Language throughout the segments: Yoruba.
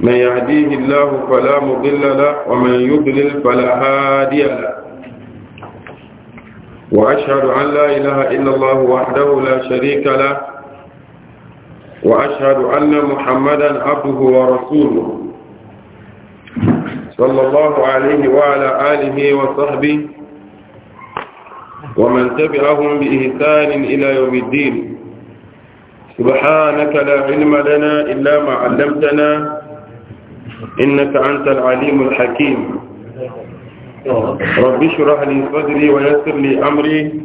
من يهديه الله فلا مضل له ومن يضلل فلا هادي له وأشهد أن لا إله إلا الله وحده لا شريك له وأشهد أن محمدا عبده ورسوله صلى الله عليه وعلى آله وصحبه ومن تبعهم بإحسان إلى يوم الدين سبحانك لا علم لنا إلا ما علمتنا إنك أنت العليم الحكيم ربي اشرح لي صدري ويسر لي أمري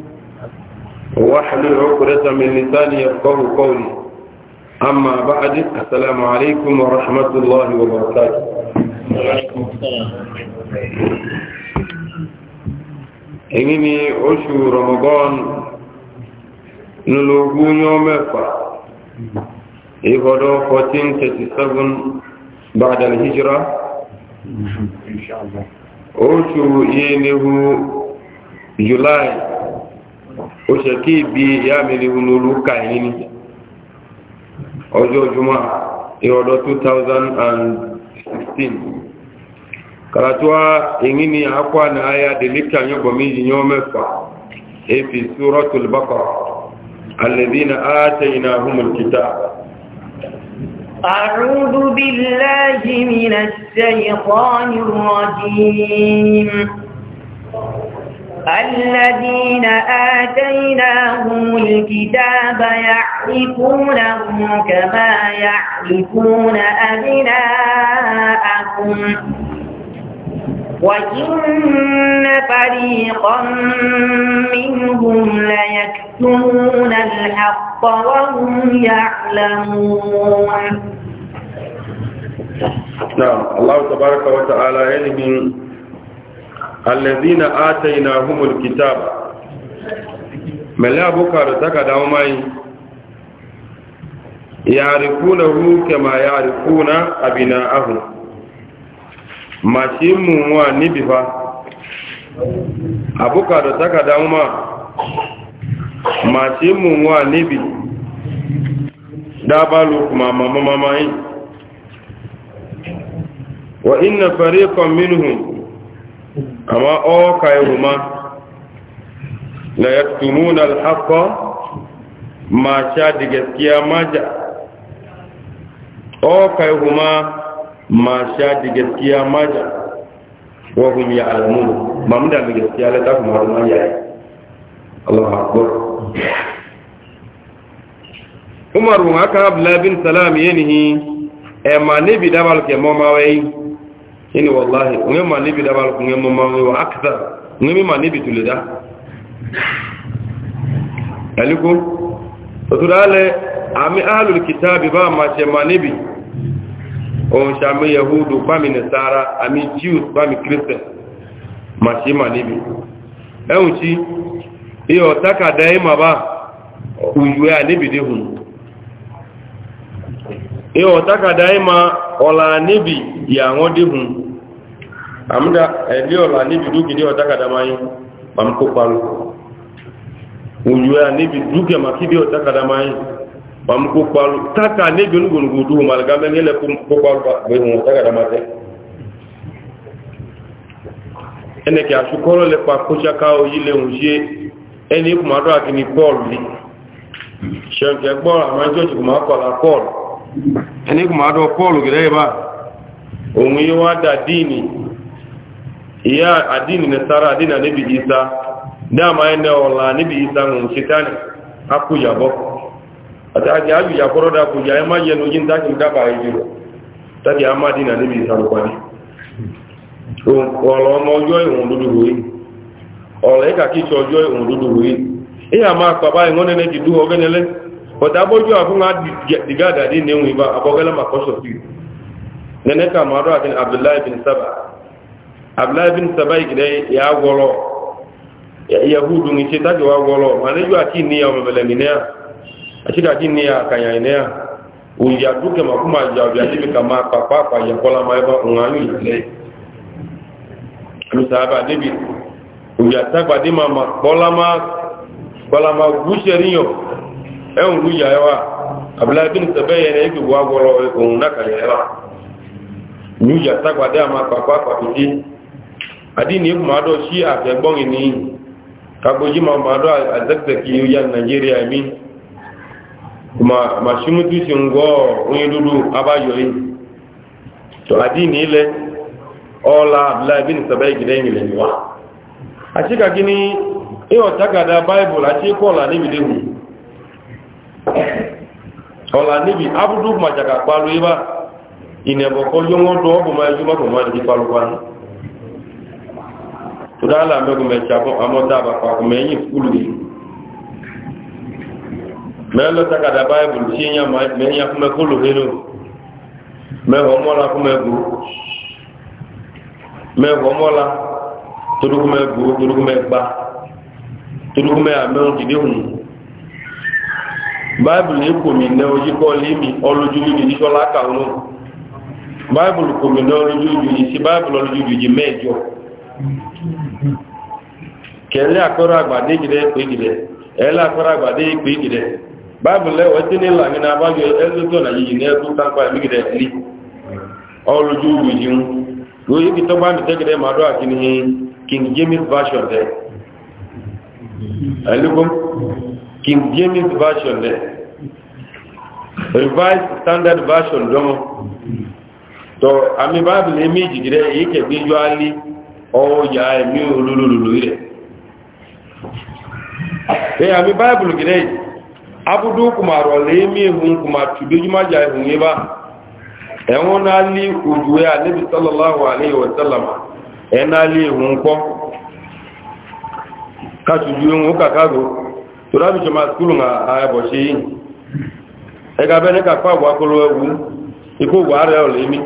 واحلل عقدة من لساني يفقه قولي أما بعد السلام عليكم ورحمة الله وبركاته إنني أشهر رمضان نلوغون يوم الفرح ìgbọ́dọ̀ 1437 bàdàn hijira oṣù yẹnihu july oṣù kí ibi ya mẹ́rinhu lórí kàìní ni ọjọ́ jùmọ́ ìrọ̀dọ̀ 2016 karatuwa ìní ni àkọ́ àná ayá delita yọ́gbọ̀mí yíyọ́ mẹ́fà èfì súrọ́tùl bákọ̀rọ̀ الذين آتيناهم الكتاب أعوذ بالله من الشيطان الرجيم الذين آتيناهم الكتاب يعرفونه كما يعرفون أبناءهم وإن فريقا منهم ليكتمون الحق وهم يعلمون نعم الله تبارك وتعالى علم الذين آتيناهم الكتاب ملا بكر تكدوا يعرفونه كما يعرفون أبناءهم mashi mumuwa nibi fa abuka da takada ma mashi mumuwa nibi dabalu kuma mama mama yi eh. wa inna fariqan minhum ama o kayuma la yaktumuna al-haqqa ma sha digaskiya ma ja o kayuma ma sha da gaskiya ma da wahum ya alamu ba mu da mai gaskiya la tafi ma ruwan yayi Allah akbar Umar bin haka Abdullah bin Salam yanihi e ma ne bi dabal ke mo ma wai yini wallahi ngi ma ne bi dabal ku ngi mo ma wai wa akthar ngi ma ne bi tulida aliko to tudale ami ahlul kitabi ba ma ce ma ne bi ohun ṣàmì yahudu pàmì nìsára àmì jews pàmì christian ma ṣe mà níbi ẹ̀hùn tí ihò takàdá ìmọ̀ bá òyìnwé àníbìdé hùn ihò takàdá ìmọ̀ ọ̀là níbi ìyàwó dé hùn àmúdá ẹ̀lẹ́ ọ̀là níbi dúkìdí ọ̀takàdá máa yín pàmkó palu òyìnwé àníbi dúkìá màkídé ọ̀takàdá máa yín mamu kokpalu taka ne joni gonugo duhu mala gambe ngele kokpalu be mo taka da mate ene ke asukoro le pa ko chaka o yile unje ene kuma do akini paul ni shen ke gbo ama joji kuma ko la paul ene kuma do paul gire ba ohun yi wa da dini iya adini ne sara adini ne bi isa dama ene ola ne bi isa ngun shitani akuyabo àtàkì àjùjà kọ́rọ́ dákò jà ma yẹ lójí ń dákì dábà ìjì rẹ̀ tàbí a máa dínà níbi ìsànkwàní ọ̀rọ̀ ọmọ ọjọ́ ìwọ̀n dúdú rí ọ̀rọ̀ ẹ̀kà kí ṣe ọjọ́ ìwọ̀n du rí ìyà máa pàbá ìwọ́n nẹ́nẹ́ ti dúró ọgẹ́nẹ́lẹ́ ọ̀tà abójú àfún àdìgádàdì ashika dini ya kanya inea uliatuke makuma ya vyalibi kama papa kwa yakola maiba unganyu ile msahaba debi uliataba dima makola ma kola ma gusherinyo e unguja yawa abla bin sabaye ne yake gwa goro e unna kanya yawa nyuja takwa dama papa kwa bidi adini kuma do shi afegbon ni kagboji ma ma do azekzeki yan nigeria mi ma ma si ngwo onye dudu abayoyi to ọ ile ola abdullahi bin sabai gidan ile wa a ka gini iyo takada bible a ce ko ola nibi dehu ola nibi abudu ma jaka kwalu iba inebo ko yongo do ma yuma ko ma di kwalu kwan to ba ko mẹ́lọ takada báyìbùlù tí èyàn mẹ́yàn fún mẹ́kúlù nínú mẹ́wọ̀ mọ́la fún mẹ́gbù mẹ́wọ̀ mọ́la torúkú mẹ́gbù torúkú mẹ́gbà torúkú mẹ́àmẹ́rún dìde hùn báyìbùlù yìí kò mí nẹ́ ojú kọ́ lémi ọlójúlù yìí sọ́lá kàánú báyìbùlù kò mí nẹ́ ọlójúlù yìí sí báyìbùlù ọlójúlù yìí mẹ́jọ kẹlẹ́ àkọ́rọ̀ àgbàdé jìdẹ́ pé jìdẹ́ ẹ̀lẹ́ àkọ́rọ̀ àgbàdé pé jìdẹ́ baịbụl eweta n'ịla gị na-aba gị ezoto na jiji na ego ụta mkpa emegide li ọlụju ugwu ji nwu oyi gị tọgba mitegide ma dọa akin n'ihe king james version de alikom king james version de revised standard version dɔmɔ tɔ ami baịbụl emi jigide eyi kegbe ju ali ɔwɔ yaa emi olululu rẹ ee ami bible gị abudu kumaru ọlẹ́mí ehun kumaru ṣùgbẹ́júmájà ehun yẹ bá ẹ̀wọ́n náà lé òjúwé alẹ́bí sọ́lọ́láwọ̀ na wọ̀sẹ́lọ̀mà ẹ̀ náà lé ehun kọ́ káṣùjú ehun kàkàrò tó dábì ṣe máa skúlù ààbọ̀ ṣe yìí ẹgbẹ́ abẹ́ ní kàkọ́ àbọ̀ akọ́lọ́ ẹwu ikú wà rẹ̀ ọlẹ́mí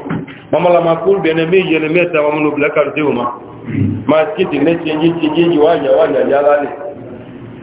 mọ́mọ́lá máa kúrú bẹ̀ẹ́nẹ méjì ẹni mẹ́ta wọn mọ́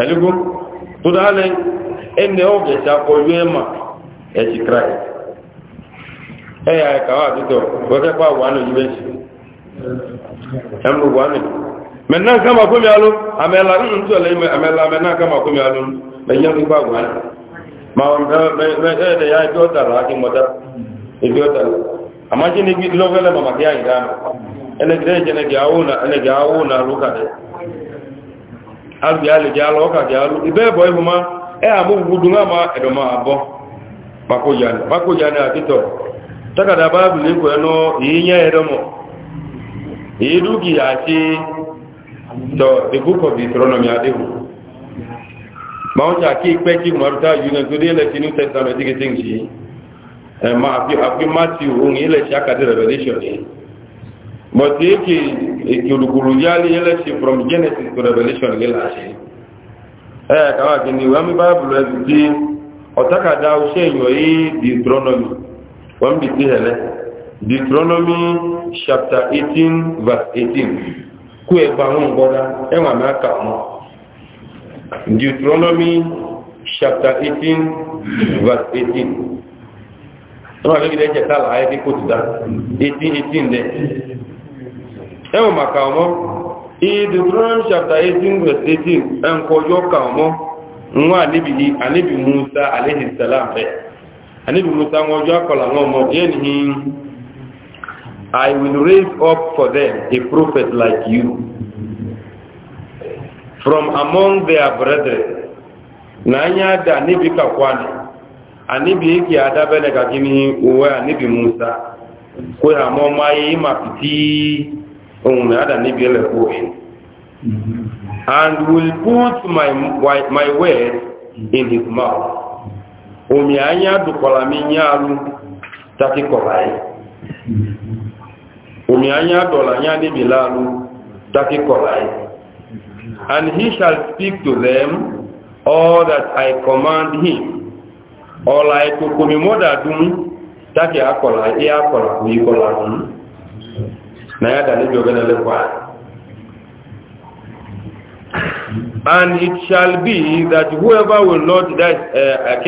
ẹ̀lúgbó tó dáálẹ̀ ẹni ọ̀gẹ̀ tí a kọ ẹ̀sì christ ẹ̀yà ẹ̀kàwà àtútọ̀ wọ́kẹ́pá wàánù us ẹ̀mù wàánù mẹ̀nà kama ndị alú àmẹ́lá ń tún ẹ̀lẹ́ àmẹ́lá mẹ́nà kama kómi alú mẹ́yẹ́ ń ya albi aliji ala ọka gị alụ ibe bụ ịhụ ma e amụ gwudu nwa ma edoma abụọ makoyani makoyani akịtọ takada baịbụl ikwe nụ inye edomo idugi achi tọ ibuko bitronomi adịghị ma ọ chaka ikpe chi maruta yunen tó dé ilẹ̀ ti new testament dịgịtị nchi ma afi afi mati ilẹ̀ chi aka dị revelation but eke ekirukuru ya li election from genesis to revelation gị laghachi ee eh, kawa gị ni wee baịbụl eziti ọtakada uche enyoyi deuteronomy wee mbiti hele deuteronomy chapter 18 verse 18 kwu egbanwe mgbọda enwa m aka mụ deuteronomy chapter 18 verse 18 ọnụ ọgịgide echeta ala ahịa dị kotuta 18 18 dị ẹwọ maka ọmọ ihe deuteronomy chapter 18 verse 18 ẹnkọjọ ka ọmọ nwa anibihi musa alayhi salam ẹ e. anibi musa wọn ọjọ akọla wọn ọmọ yẹn ni i will raise up for them a prophet like you from among their brethren na anya ada anibi kakwani anibi eke adabele ka uwe musa kwe ha mọ ma ye ma ohun mi ada níbi ẹlẹ kú ẹ and will put my my word in his mouth omi anya dùkọ̀lá mi ní àrùn tàbí kọ̀lá yìí omi anya dọ̀lá ní àdébì láàrùn tàbí kọ̀lá yìí and he shall speak to them all that I command him ọ̀là ẹ̀kọ̀kọ̀ mi mọ́dà dùn tàbí akọ̀lá yìí akọ̀lá kò yí kọ̀lá dùn. na ya da níbi and it shall be that whoever will not eh, and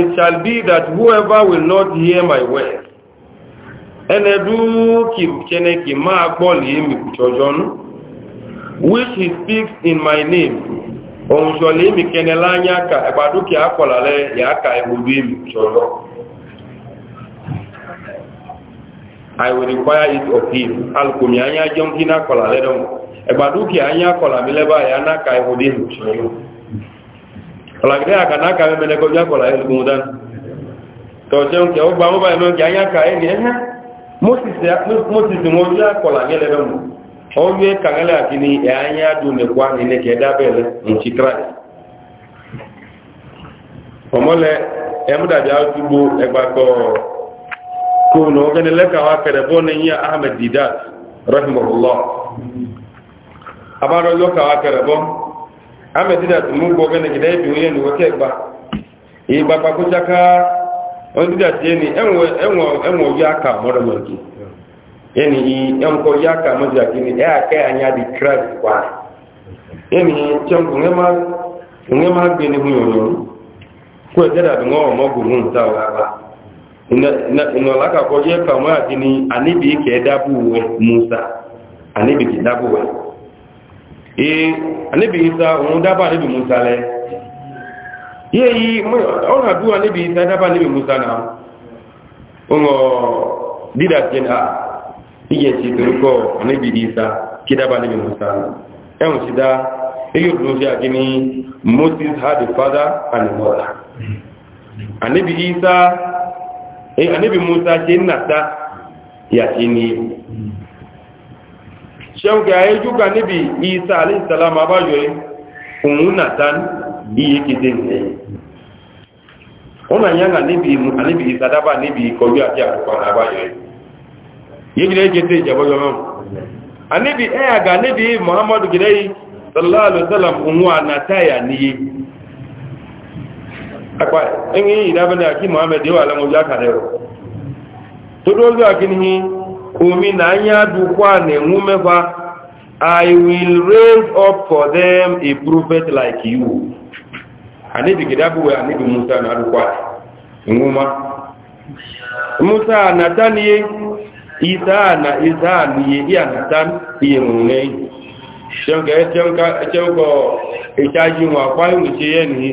it shall be that whoever will not hear my word ẹnẹ dúkì kẹnẹkì máa gbọ́ mi which he speaks in my name òun sọ lèé mi kẹnẹ ká ẹgbàdúkì akọ̀là rẹ̀ ká I will require it of him. Alukumi anya jẹun kí náà kọ̀là anya kọ̀là mi ya yà náà ka ihò dé aka yìí. Ọ̀làgídẹ́ àkà náà ka mẹ́mẹ́ lẹ́kọ̀ọ́ bí akọ̀là yẹn lùkùn dánù. Tọ̀ gba anya ka e Moses mo yọ akọ̀là yẹn lẹ́dọ̀mù. anya dùn na وغني لك هكذا بون هي أحمد ديدات رحمه الله a لك هكذا بون أحمد ديدات مو بوغني كده بيوين وكيبا إيبا باكو شكا wọ́n dídà tí ẹni ẹ̀wọ̀n yáka mọ́dọ̀mọ́dì Ya ẹ̀mkọ yáka mọ́dọ̀mọ́dì ni ẹ̀ àkẹ́ àyà di christ anya ẹni tẹ́mkù ńlẹ́ máa gbé ní hùn yọ̀nyọ̀n kú ẹ̀jẹ̀ dàbí wọ́n na la ka kɔ yɛ kama a dini ani bi kɛ dabu wɛ musa ani bi kɛ dabu ee ani bi sa daba ani bi musa lɛ yɛ yi ɔn na du ani bi sa daba musa na ŋɔ dida tiɛ na yɛ si toro kɔ ani bi di sa ki daba ani bi musa na ɛŋ si da eyi o do fi moses had a father and a mother ani bi anabi musa ce na ta ya ni ṣeun ga ya ju ga isa alaihissalama ba ohun na iye kete ne ọ̀nà yánà níbi ìsadábà níbi ìkọjú àti àtùkọ̀nà àbáyọ̀ yìí a níbi ẹ̀yàgà muhammadu akpa ẹ̀yìn yìí dábẹ́ ní àkí mohamed yíò alẹ́mọ̀já kàrẹ̀rọ tó dóòlù àkíní omi na anya na nẹ̀mú mẹ́fà i will raise up for them a prophet like you anibigi dábúwẹ̀ anibi musa na dùkwà ìwúma musa nataniye isa na isa niye iya natan iye mune ṣẹ́nkọ̀ ìṣájú wọn àpáyùn ìṣẹ́yẹ́ nìyí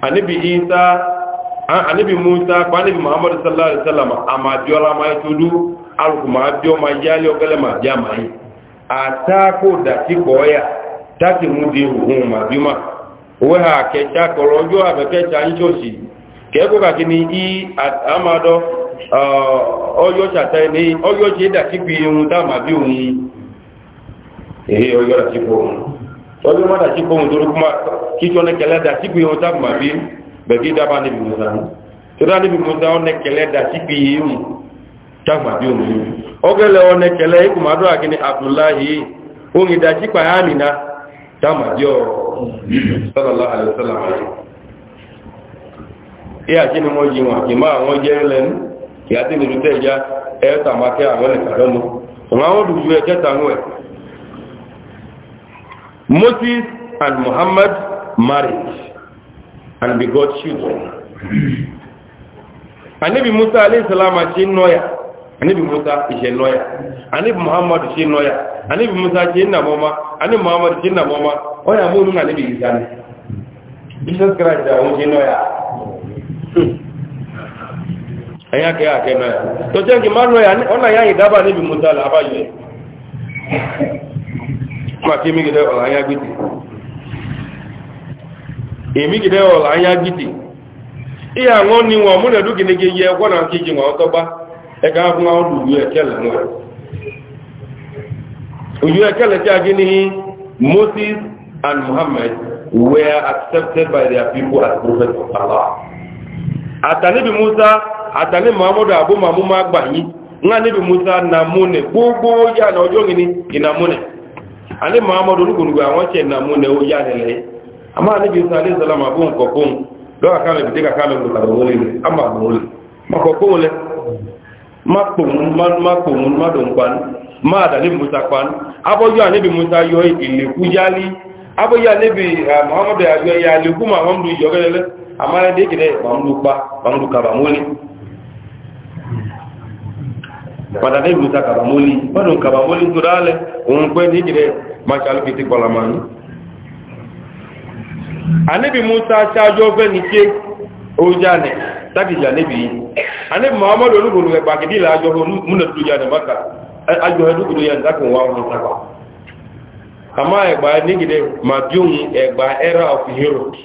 anibi isa anibi musa kwa anibi muhammad sallallahu alaihi wasallam amabiola ma itudu alku ma bio ma ogele ma atako ti boya tati mudi hun ma bima we ha ke cha korojo abeke cha njoshi ke ka i amado oyo chata ni oyo je da ti tọ́lú má dàtí kóhun torí kúmá kíkọ́ ní kẹlẹ́ dàtí pé wọ́n tábù má bí bẹ̀gí dábà níbi musa tọ́lá níbi musa ọ́ ní kẹlẹ́ dàtí pé yéhùn tábù má bí òun yìí ọ́gẹ́lẹ́ ọ́ ní kẹlẹ́ ikú má dọ́ra kíni abdullahi ohun ìdàtí pa á nìna tábù má bí ọ́ sọ́lọ́lá àlẹ́sọ́lá ìyá tí ni wọ́n yí wọn kì máa wọ́n jẹ́ lẹ́nu ìyá tí ni lùtẹ́ ìjà ẹ̀ẹ́ta má kẹ́ àwọn ẹ̀kàdọ́nu òun àwọn olùdíwẹ̀ kẹta ń wẹ̀ Moses and Muhammad married and begot children. Anabi Musa alayhi salam ṣe nọ́yà, Anabi Musa ṣe nọ́yà, Anabi Muhammad ṣe nọ́yà, Anabi Musa ṣe nà mọ́má, Anabi Muhammad ṣe nà mọ́má, ọ̀yà mú nínú Anabi Isa ni. Jesus Christ àwọn ṣe nọ́yà. Ẹ̀yà kẹ́ àkẹ́ náà. Tọ́jọ́ kì máa nọ́yà, ọ̀nà yá ìdábà Anabi Musa làbáyé. maka emegide ọla anya gidi ihe aṅụ nri nwa mụ na edu gịnị gị yie ahụ nwa ọrụ e ekele nwa uyu ekele n'ihi moses and muhammad were accepted by their people as prophets of musa muhammadu ma gbanyi nwa musa ale muhammadu awon àwọn tse namu ne o ya ne le ama ani bi a salama bon ko bon do aka le bi ka ka le ko ka wole le ama ma ko le ma ko ma ma ko ma kwan ma da ni musa kwan abo yo bi musa yo ku jali abo bi muhammadu ya le ku ma yo ama de ba mu pa ba ka ba padà ní ìbùsà kàbàmólì gbọ́dùn kàbàmólì tó dálẹ̀ òun pẹ́ nígbìrẹ́ maṣàlù fi ti pọ̀lọ̀mọ̀ ní anẹ́bì musa ṣáájú ọgbẹ́ ní ṣe ojáàlẹ̀ tágìjà níbi anẹ́bì muhammadu olúgbòrò ẹgbà kìdílà ajọ́ múnàdúdú ẹgbà ẹ̀rọ of heroes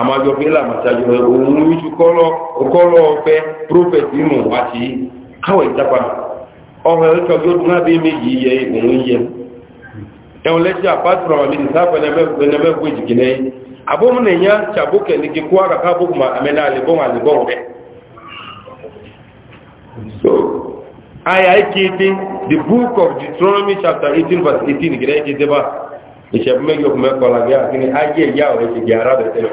àmàjọ pé làmàtàjọ òun wíjú kọ́lọ́ ọ̀fẹ́ prophet nínú àti káwọ̀ ìjápa ọ̀rọ̀ ẹ̀rọ tó dún lábẹ́ méjì yẹ òun yẹ ẹ̀wọ̀n lẹ́sí àpáàtùrọ̀ àwọn méjì sáfẹ́ ẹnẹ́mẹ́kú ìjìkìlẹ̀ abómìnìyà sàbókẹ̀ ní kíkọ́ àkàkà bókùnmà àmẹ́nà àlẹ́bọ̀n àlẹ́bọ̀n rẹ̀ aya ikete the book of deuteronomy chapter 18 verse 18 gẹ̀rẹ́ ikete bá ìṣẹ̀bùmẹ́gbẹ̀kùnmẹ́kọ̀ọ́lá gẹ́ àti ní ayé ìyá ọ̀rẹ́ ti gẹ̀ ara bẹ̀tẹ̀lẹ̀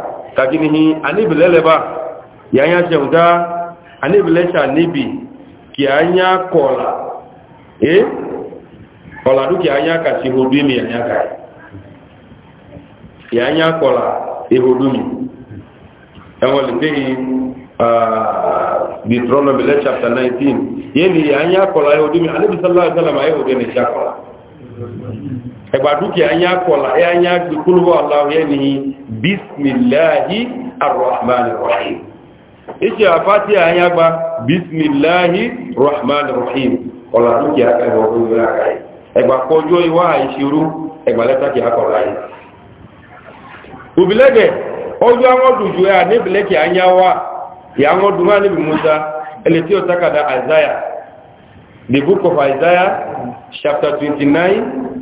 kakini hi anibi leleba ya anya chemda anibi lecha anibi ki anya kola eh kola du ki anya ka si hodumi anya ka ya anya kola e hodumi enwo le bi ah Deuteronomy chapter 19 yeni ya anya kola e hodumi anibi sallallahu alaihi wasallam ayo de chakola ẹgbàdúkì anyá kọlá ẹ anyá gbẹkúlùwọ aláwọyẹ ní bisimilahi arrahmanirrahim iṣẹ àfáàtì anyá gba bisimilahi rahmanirrahim kọlá dúkì akẹwọ ọdún láàáyé ẹgbà kọjọ ìwà àìṣirú ẹgbà lẹtàkì akọlá yìí òbílẹgẹ ọjọ àwọn dùjú ẹ àníbìlẹkì anyá wa ìyá àwọn dùnmọ níbi musa ẹlẹtí ọtakàdá isaiah the book of isaiah chapter twenty nine.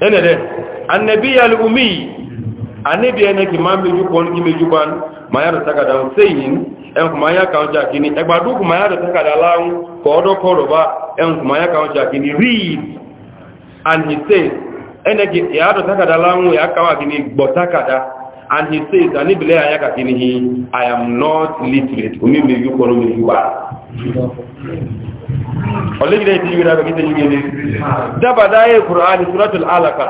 ene de annabi al-ummi annabi ene ki ma meju kon ki meju ban ma ya taka da sayin en kuma ya kan ja kini e gba du kuma ya taka da lawo ko do ko ro ba en kuma ya kan ja and he says ene ki ya do taka da lawo ya kawa kini i am not literate umi meju kon meju ba ọlẹ́gbẹ̀rẹ̀ ti yíra bẹ̀kí tẹ́jú gẹ́lẹ́ dábàdá yẹ kùránì suratul alaka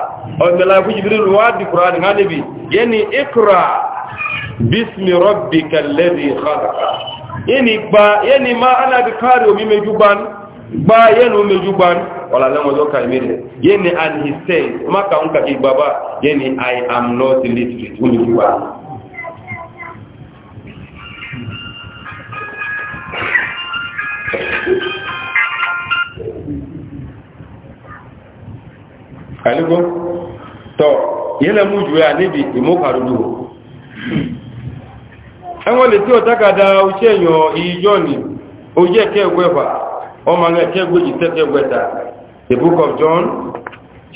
ọ̀gbẹ̀lá fún jìbìrìlù wá di kùránì gánibì yẹni ikra bismi rabbi kallẹ́dì khalaka yẹni ma ana bi káàrí omi mejú ban gba yẹnu mejú ban ọ̀làlẹ́mọ̀jọ́ kàìmẹ́rẹ̀ yẹni and he said maka n kàkí gbaba yẹni i am not literate omi mejú ban aligo tɔ yɛlɛ mu ju ya nebi imo ka dodo ɛŋɔ le ti o taka da o tse nyɔ iyijɔ ni o jɛ kɛgbɛ fa ɔma ŋa kɛgbɛ yi tɛ kɛgbɛ ta the book of john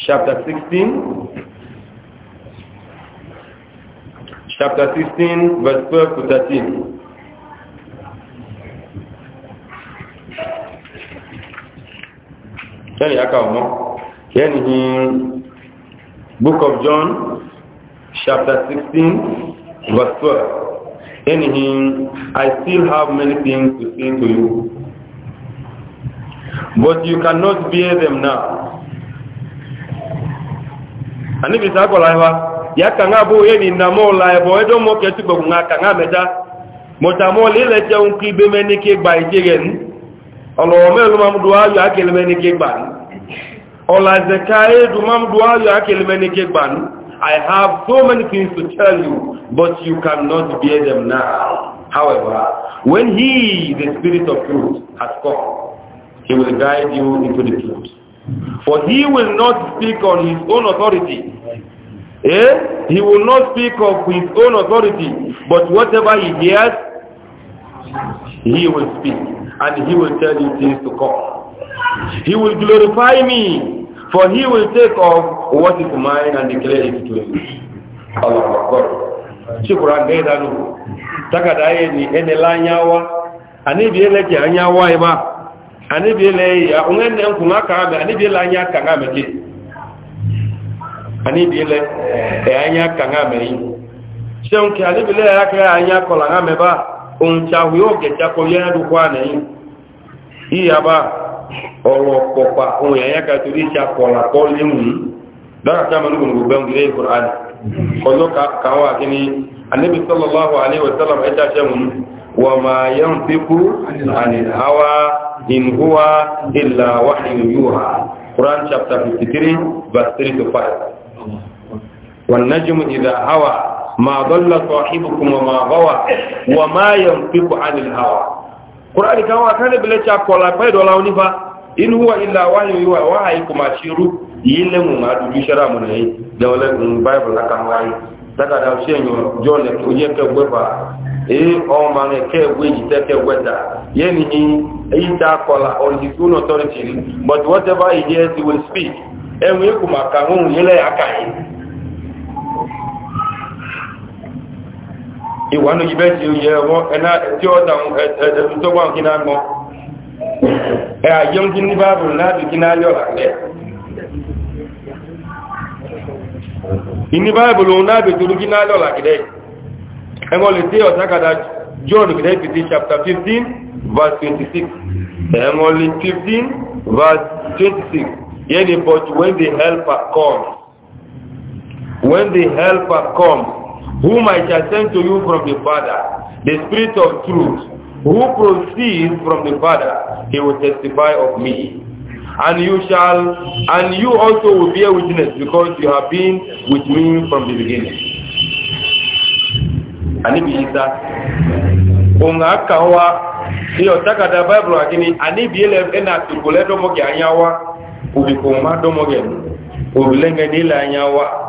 chapter sixteen chapter sixteen verse twelve to thirteen. yẹni aka ọmọ yẹni hi book of john chapter sixteen verse twelve yẹni hi i still have many things to say to you but you cannot bear them now anibi sa akɔla yi wa ya kanga bo ye ni namo la ye bo edo mo ketu gbogbo nga kanga mɛta mɔtamɔ lele tɛ ŋu kí bɛ ní ké gba ìdí rɛ nu ọlọ́wọ́ mẹ́rin mamdu ayọ̀ akẹlẹmẹ́nike gbàánú ọ̀làzẹ̀ká èdù mamdu ayọ̀ akẹlẹmẹ́nike gbàánú I have so many things to tell you but you cannot bear them now however when he the spirit of truth has come he will guide you into the truth for he will not speak on his own authority eh? he will not speak of his own authority but whatever he hears he will speak and he will tell you things to come. He will glorify me, for he will take off what is mine and declare it to you. Allah Akbar. Shukran Gaidanu. Takada ni ene la nyawa. Ani bi ele ki anyawa iba. Ani bi ele ya ungene nkunga ka ani bi anya ka ngame ki. Ani bi ele anya ka ngame yi. Shonke ani bi ele ya anya kola ngame ba. ohun tí a wù yóò gẹ̀ẹ́sì akọ yẹn ló kọ́ àná yìí ìyàbá ọ̀rọ̀ pọ̀pà ohun ẹ̀yà ká torí ìṣe àpọ̀là pọ̀ léwu yìí dára tí a máa ń gbòǹgbò bẹ́ẹ̀ ń gbé ìkùrọ̀ àná kọjọ́ káwọn àkíní anábì sọ́lọ́láhù aléwọ̀ sálàmù ẹ̀dá sẹ́wọ̀n wà máa yẹn fi kú àníláwá ìnúwá ìlà wáhìn yúhà quran chapter 53 verse 3 to 5 wà nájùmù ìdá hawa ma dalla sahibukum ma gawa wa ma yanfiqu anil hawa qur'ani kan wa kan bile cha ko la pe do la oni fa in huwa illa wahyu wa hay kuma shiru yille mu ma du shara mu ne da wala bible la kan wai daga da shi nyo john le ko yeke gbe fa e o ma ne ke gbe ji te ke gbe da ye ni ni e ta ko la on the tune authority but whatever he hears he will speak e mu ku kan mu yele akai ìwànú yìí bẹ́ẹ̀ tí ó yẹ wọ́n ẹ̀nà tí ó dáhùn ẹ̀sùn tó wọ́n kí náà mọ́ ẹ̀ àyẹ́ kí ní báàbù láti kí náà yọ̀ lálẹ́ ìní báàbù lòun náà bè torí kí náà yọ̀ lálẹ́ ẹ̀wọ́n lè tí ọ̀sákàdá john kìdẹ́ chapter 15 verse 26 the helper comes when whom I shall send to you from the Father, the Spirit of truth, who proceeds from the Father, he will testify of me. And you shall, and you also will bear witness because you have been with me from the beginning. Anibi Isa, unga kawa, iyo da Bible lakini anibi ile ena tukule domo wa, anyawa, ubikoma domo ke, ubilenge nila wa.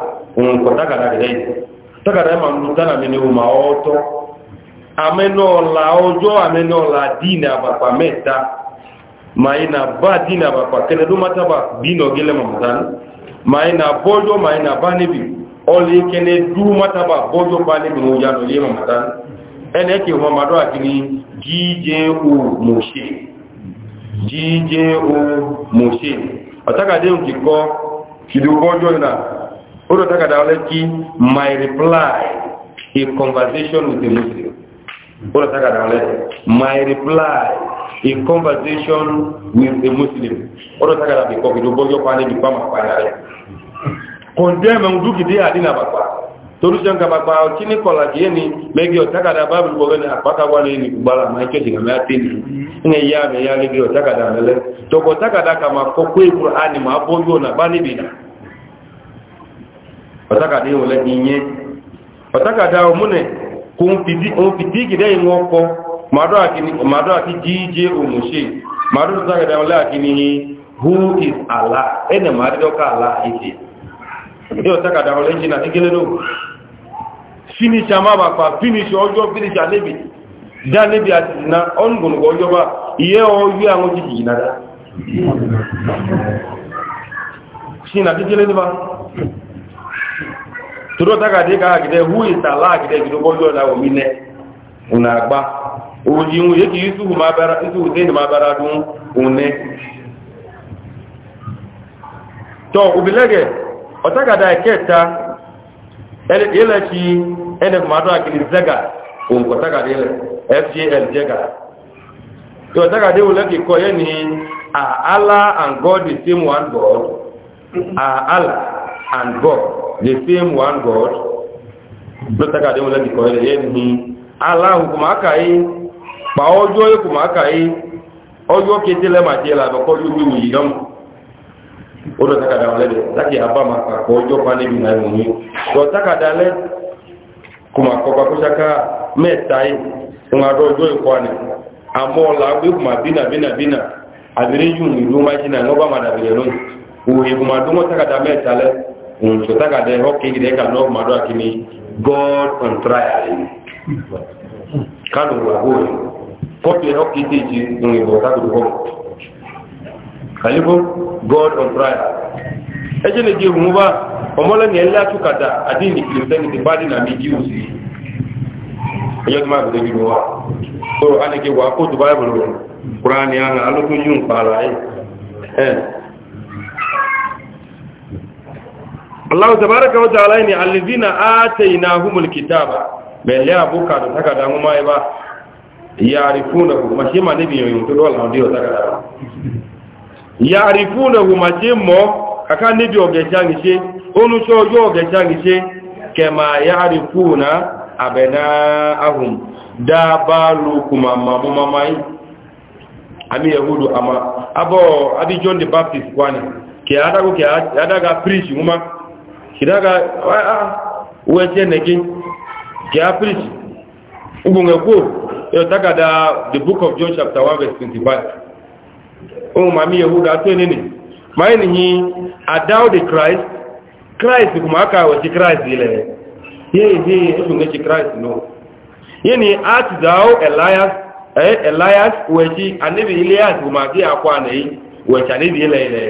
òun kọ̀ tágàdá rẹ̀ yìí tágàdá ma ń tánà mi ni o ma ọ́tọ́ amẹ́nọ́ọ̀la ọjọ́ amẹ́nọ́ọ̀la dínà àbàpà mẹ́ta ma ina bá dínà àbàpà kẹ́lẹ́ ló mátàbà dínà bi, mọ̀mọ̀tán ma ina bọ́jọ́ ma ina bá níbi ọlẹ́ kẹ́lẹ́ dú mátàbà bọ́jọ́ bá níbi mo yà lọ lé mọ̀mọ̀tán ẹnẹ́ kí wọ́n ma dọ́wà kiri jíjẹ́ o mo ṣe jíjẹ́ o mo ṣe ọ̀tágàdé òkè kọ́ ìdúgbọ́jọ́ náà Odo taka daole ki my reply in conversation with the Muslim. Odo taka daole my reply in conversation with the Muslim. Odo taka da kwa kido bojo pani bi pama pana re. Konde me ndu kidi adina bakwa. Toru janga bakwa o chini kola gieni megi o taka da babu bo gani apaka wale ni kubala ma ike jinga me atini. Nge ya me ya legi o taka da mele. Toko taka da kama kwa kokwe Qur'ani ma bojo na bani bina. ọ̀tákàdá ìwọ̀lẹ́ ìyẹn ọ̀tákàdá òmúnẹ̀ kò ń fi dígì dẹ́yìn wọn kọ màdọ́ àti jíjẹ òmùṣe màdọ́ ọ̀tákàdá ìwọ̀lẹ́ àkíní who is allah ẹnẹ màdọ́kà allah ìṣe ní ọ̀tákàdá ìwọ̀lẹ́ finish finish finish toro takade ka agide hu itala agide gido bojo la omi ne una gba oji un yeki ma bara yusufu te ma bara dun une to ubilege otakada keta ele the same one and god the same one god ló taka àdéhùn lẹ́bi kọ́ ẹ̀ yẹ́ ni aláhùn kò máa kà yí pa ọjọ́ yìí kò máa kà yí ọjọ́ kété lẹ́mà jẹ́ la àbẹ̀kọ́ yóò wíwì yìí lọ́mù ó lọ taka àdéhùn lẹ́bi láti àbámà kàkọ́ ọjọ́ pa níbi náà ìwọ̀n yìí lọ taka àdéhùn lẹ́ kò máa kọ́ kakúṣaká mẹ́ta yìí wọn adọ́ ọjọ́ ìkọ́ ni àmọ́ ọ̀la gbé kò máa bínà bínà bínà àbírí yùn ìlú májínà ní ọ sotaka ga ho ma do akini god on trial wa go ko de ho ti ji ngi bo god on trial e je ne ji mu ba o mo le ni la tu kada adini ki se badi na mi use e yo ma de ji wa ko ane ke wa ko du bible qur'an ya na alu eh, eh. Allah tabaraka wa ta'ala ni alladhina atainahumul kitaba belle abuka da taka da ngoma ba yarifuna kuma shi ma nabi yoyin to dole audio taka da yarifuna kuma jimmo kaka nabi ogechangi she onu so yo ogechangi she kema yarifuna abena ahum dabalu kuma mamu mamai ami yahudu ama abo abi john the baptist kwani ke ko ke ga preach kuma kìdága wọ́n jẹ́ nẹ́gí gẹ́ápìrìsì gbogbo yóò tágàdá the book of john chapter 1 verse 25 ohun mami yehuda tó nínú ma yi nìyí adáwò the christ christ kùmọ̀ aka wọ̀ sí christ ilẹ̀ yìí yìí ẹ̀sùn gẹ́ sí christ náà yìí ni a ti dáwò elias eh, elias wẹ̀ sí anẹ́bì ilẹ̀ àti kùmọ̀ àti àkọ́ ànẹ́yí wẹ̀ sí anẹ́bì ilẹ̀ ilẹ̀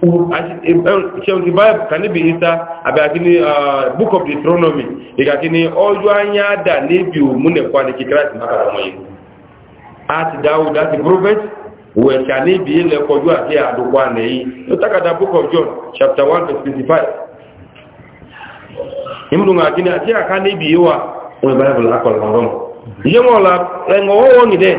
ṣẹ́wọ̀n báyìí kàníbi ìta àbẹ̀ àkíní book of deuteronomy ìkàkíní ọjọ́ anyáda níbi òmúnẹ̀kọ́ àti kíkírá ti máa kàrà wọ̀nyí àti dáwùd àti prophet wẹ̀ṣà níbi ilẹ̀kọjú àti àdùkọ àlẹ̀ yìí ló tákàdá book of john chapter 1 verse 25 ìmúdùn àkíní àti àká níbi ìwà òun ìbáyìí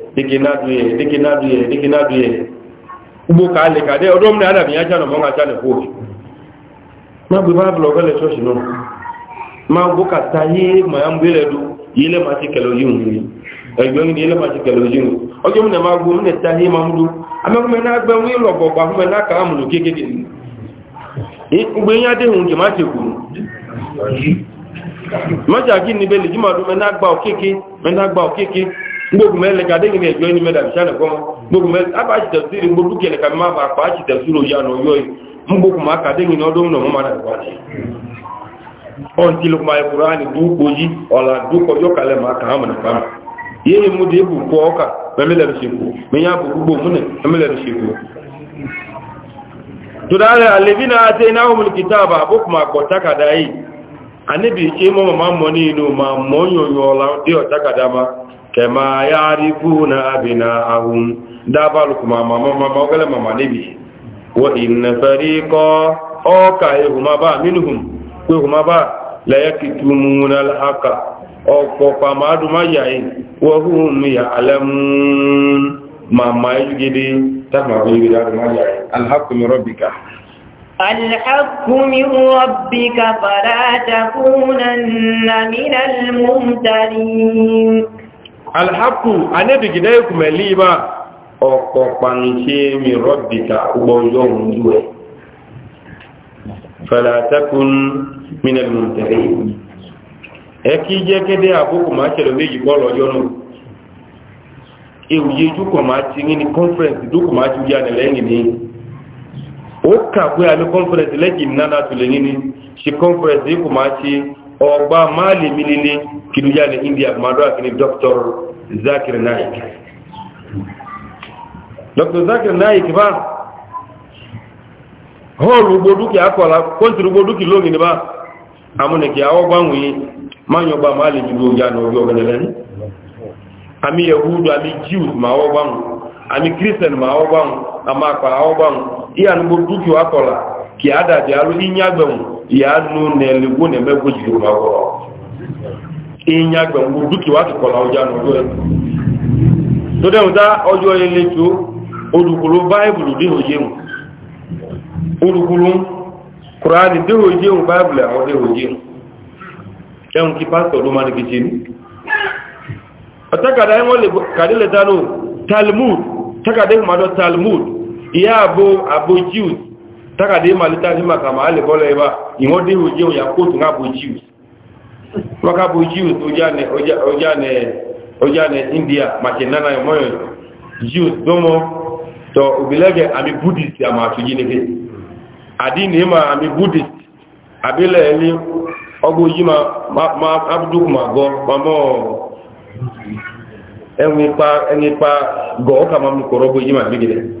dịka na-adụghị dịka na-adụghị dịka na ugbo ka alị ka dị ọdụ m na ana m ya jana ma gbe baịbụl ọgọle chọọchị nọ ma ugbo ka ta ihe ma ya mgbe ile ma ti ile ma kele na ma ta ihe ma na agbe bụ ọgba na aka mụrụ kekeke ugbo ihe adịghị nke ma na agba agba mgbogumele ka adịghị na na gọm mgbogumele da achi tefsiri mgbogbu kele ka mma ba akpa achi tefsiri oya na oyoyi mgbogum aka adịghị na ọdụ na ọmụma na gwaji ọntili kuma ya kwuru anyị bụ ukpoji ọla dukọjọ kale ma aka ha mụ ọka na memelerisikwu tudare alevi na ate ahụ ma mmọ dị kama yarifuna abina'ahum dabal kuma mama mama gele mama nibi wa inna fariqa o ka e huma ba minhum ko huma ba la yakitumuna alhaqa o ko pa madu mayayi wa hum ya'lamun mama yigidi tama yigidi mayayi الحق من ربك فلا تكونن من الممتلين alhaku anebigide kumeli ba ọ̀pọ̀ pàǹṣe mi rọ́bìkà gbọ́njọ́ òjú ẹ̀ fẹ̀lẹ̀tẹ́kùn mínẹ̀lùmọ̀tẹ̀rẹ̀ ẹ kí jẹ́ kéde àbúkù máa ṣẹlẹ̀ méjì bọ́ọ̀lù ọjọ́ náà èwùyé jùkọ̀ máa ti ní ní conference jùkọ̀ máa ti wí ànìlẹ́yìn ní ó kàwé àmì nánà ní ní ṣe kò máa ọgbà máàlì mílílé kìdújá ní india madu àti dr zakir naik dr zakir naik bá hóòlù gbódúkì akọ̀lá kóntìrì gbódúkì lónìí bá amúnìkì àwọ́gbáhùn yìí máyọ̀gbà máàlì mílílé oúnjẹ àná orí ọgbẹ̀lẹ̀ ní àmì yahudu àmì jews ma àwọ́gbáhùn àmì christian ma àwọ́gbáhùn àmà àpà àwọ́gbáhùn ìyànú kì á dàbí arú ìyàgbẹ̀wò ìyàánú nẹ̀lẹ́gbó nẹ̀mẹ́gbó ti ọjà lọ́jọ́ ẹ̀ tó dẹ̀wọ̀n dá ọjọ́ ilé tó olùkùrú báìbùlù dé òjéhùn olùkùrú kùránì dé òjéhùn báìbùlù àwọn talmud talmud ya takade malita ni makama ale bọ́lọ̀ ẹba ìwọ́n dé òjé òyà kóòtù náà ne, jews wọ́ká bo jews ọjà ní india machinana moyo, jews dọ́mọ́ tọ ubilege ami buddhist àmà àtújí nífẹ́ àdí ní ma ami buddhist àbílẹ̀ ẹni ọgbó yí ma abduk ma gọ pamọ́ ẹni pa gọ́ ọkà ma mú korobo gbó yí ma gbígbẹ̀rẹ̀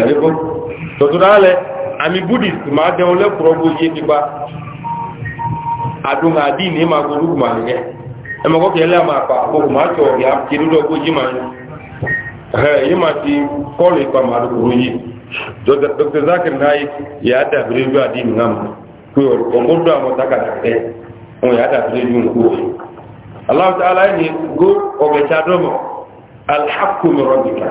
ẹ̀ríkọ́ tọ̀tọ̀rọ̀ alẹ́ àmì buddhist máa dẹun lẹ́kùrọ̀ bó yé nípa àdúnà àdí ní ma gbogbo gbogbo àrùn yẹn ẹmọ̀kọ́ kí ẹlẹ́ máa pa gbogbo máa tọ̀ ọ̀gá kí nínú ọgbó yí máa yẹn èyí máa ti kọ́ọ̀lù ipa máa lókòrò yìí dr zakir náà yà á dàbí lójú àdí nìyà mọ̀ pé ọgbọ́dọ̀ àwọn takàdà rẹ̀ wọn yà á dàbí lójú nǹkó aláwọ̀ tí aláìní gó ọ̀gẹ̀chadọ́mọ̀ alhakumi rọ̀bìkà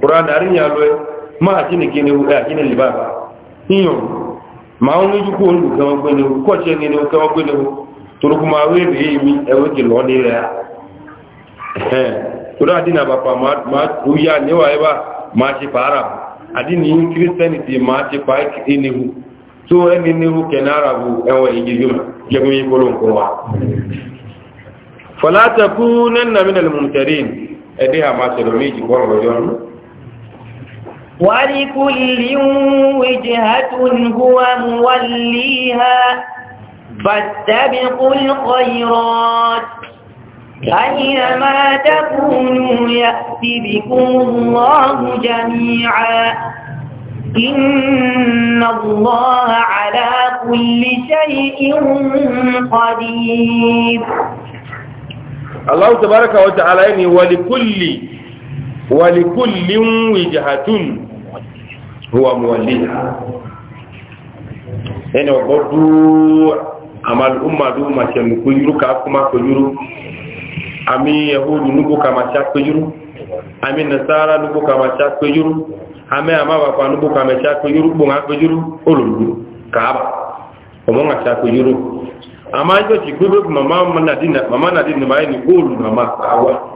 Quran arin ya lo ma a kini u ajini liba ma onu ju ko ndu kan gbe ni ko che ni ni kan ni ma we be mi e we ki lo ni eh dina ba pa ma ma u ya ni wa e ba ma chi para adini christianity ma chi pa ni hu so ni hu kenara bu e wo ijijuma je mi ko lo ko wa fala takunanna min ma se mi ji ko lo ولكل وجهة هو موليها فاتبقوا الخيرات أينما تكونوا يأتي بكم الله جميعا إن الله على كل شيء قدير الله تبارك وتعالى ولكل ولكل وجهة huwa muwalliha ene ogodu amal umma du ma chen ko yuru ka kuma ko yuru ami yahudu nugo kama cha ko yuru ami nasara nugo kama cha ko yuru ami amaba kwa nugo kama cha ko yuru bo nga ko yuru olulu kaaba omo nga cha ko yuru ama jo ti gbe mama na dina mama na dina mai ni olu mama awa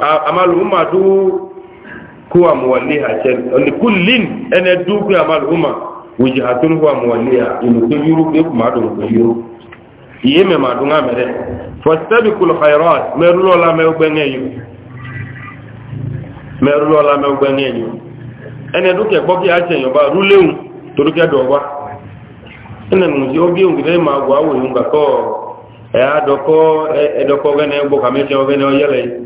amalu umma du kuwa muwalliha chen li kullin ene du ku amalu umma wujihatun huwa muwalliha inu ko yuru be kuma do ko yuru yeme ma dunga mere fastabiqul khairat merulo la me ugbenge yu merulo la me ugbenge yu ene du ke gboki a chen yo ba ruleun toru ke do wa ene nu ji obi ungire ma gwa wo yunga ko e adoko e doko gene gbo kameche ogene oyele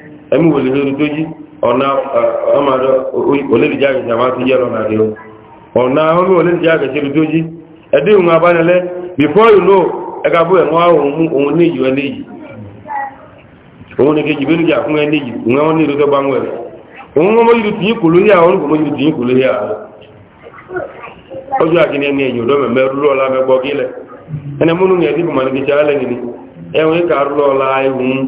ẹmú wòlé lórí tó jí ọ̀nà ọmọdé olóòdìjà àgbẹ̀sẹ̀ àwọn àti yẹ́rọ náà dẹ̀wọ̀ ọ̀nà ọmọ olóòdìjà àgbẹ̀sẹ̀ lórí tó jí ẹdí òun abánilẹ́ before you know ẹka bó ẹ̀wọ̀n ohun ohun ní ìyọ̀ ní yìí ohun ní kejì bẹ́lú jà fún ẹ ní yìí òun ẹ̀wọ̀n ní ìdókẹ́ gbangwẹ̀ rẹ̀ òun ọmọ yìí tìyín kò lóyè àwọn olùkọ́ yìí kò lóyè àwọn ọjọ́ ẹni ẹ̀yìn ọ̀dọ́ mẹ́gbọ́ kílẹ̀ ẹni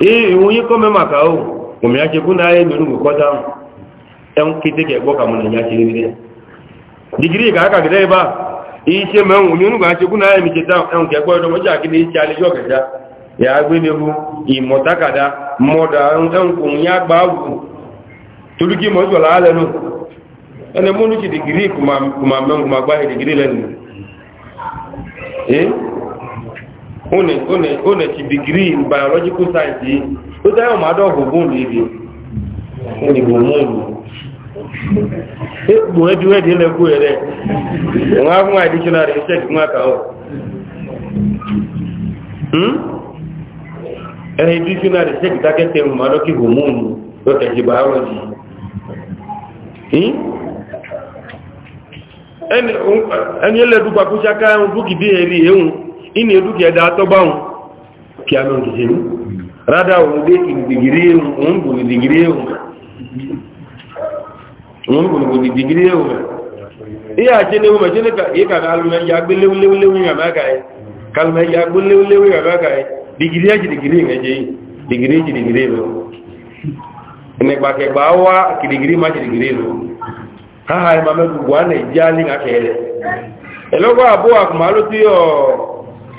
ee iwu onye kome maka o ụmịachekwu na ahịa emere ngwekọta e nkịtị ga-egbo ka mụ na ya digiri ka aka gide ebe a iche ma e onye onugwu achekwu na ahịa emecheta nke ekwe ọdọ mocha akị na-eche alịghị ọgaja ya gbenebu ìmọ̀tákàdá mọ́dà ya gbá wù torí kí mọ́ ala alẹ́nu one ci digiri biological science yìí ó tẹ́ ọmọ adọ́gùn bóòlù ibi onígbò mọ́ọ̀lù egbò ẹdíwẹ́dì lẹ́kú ẹ̀rẹ́ wọ́n á fún additional research fún àkàwọ̀ hmm? ẹ̀rẹ́ additional research dákẹ́tẹ̀ ọmọ adọ́gùn mọ́ọ̀lù lọ́kẹ̀ sí biology hmm? ẹni ẹlẹ́dùpàkúṣaká ẹ̀hún búkìdí ẹ̀rí ẹ̀hún ina ya dukiya da ta ban piano da jini rada wani dai in digiri wani digiri wani digiri wani iya ce ne wani ce ka yi ka ga alumai ya gbe maka yi kalmai ya gbe lewulewun ya maka digiri ya digiri digiri ji digiri ya ne gbakegba wa digiri ma digiri ya ha ha ya mamedu gwa na ijali aka ele eh. elogbo abuwa kuma alutu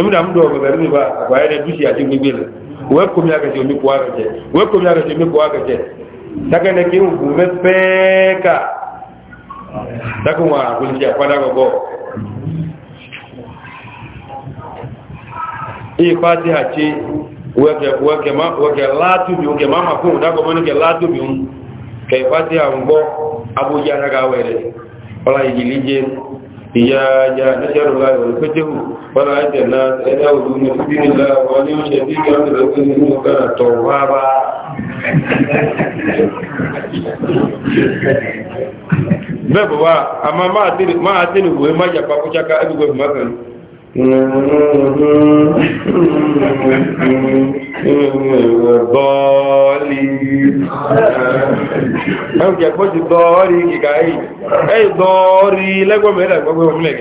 emi na mdo gbere ni ba wa ere dusi ati gbegbe le we ko mi agaje omi ko agaje we ko mi agaje omi ko agaje daga ne ki un bu me pe ka daga wa ko ni ya pada gogo e fatiha ci weke weke ma weke latu bi weke mama ko daga mo ni ke latu bi un ke fatiha un bo abuja daga were wala yijilije يا جاء نجر الله والفتح ولا أنت الناس إلا ودون سبيل الله وليم شفيك عبد الرسول منه كان توابا bẹ́ẹ̀ bọ̀ wá a máa máa tẹ́lẹ̀ máa tẹ́lẹ̀ wòye máa yàpá kó ṣáká ẹgbẹ̀gbẹ̀ mọ́kànlá Bọ́ọ̀lì. Ẹ̀rùn kí ẹ̀kọ́ ti dọ́ọ̀rí kìkà yìí. Ẹ̀yì dọ́ọ̀rí lẹ́gbọ́n mẹ́rin àgbọ́gbọ́ òmìnlẹ̀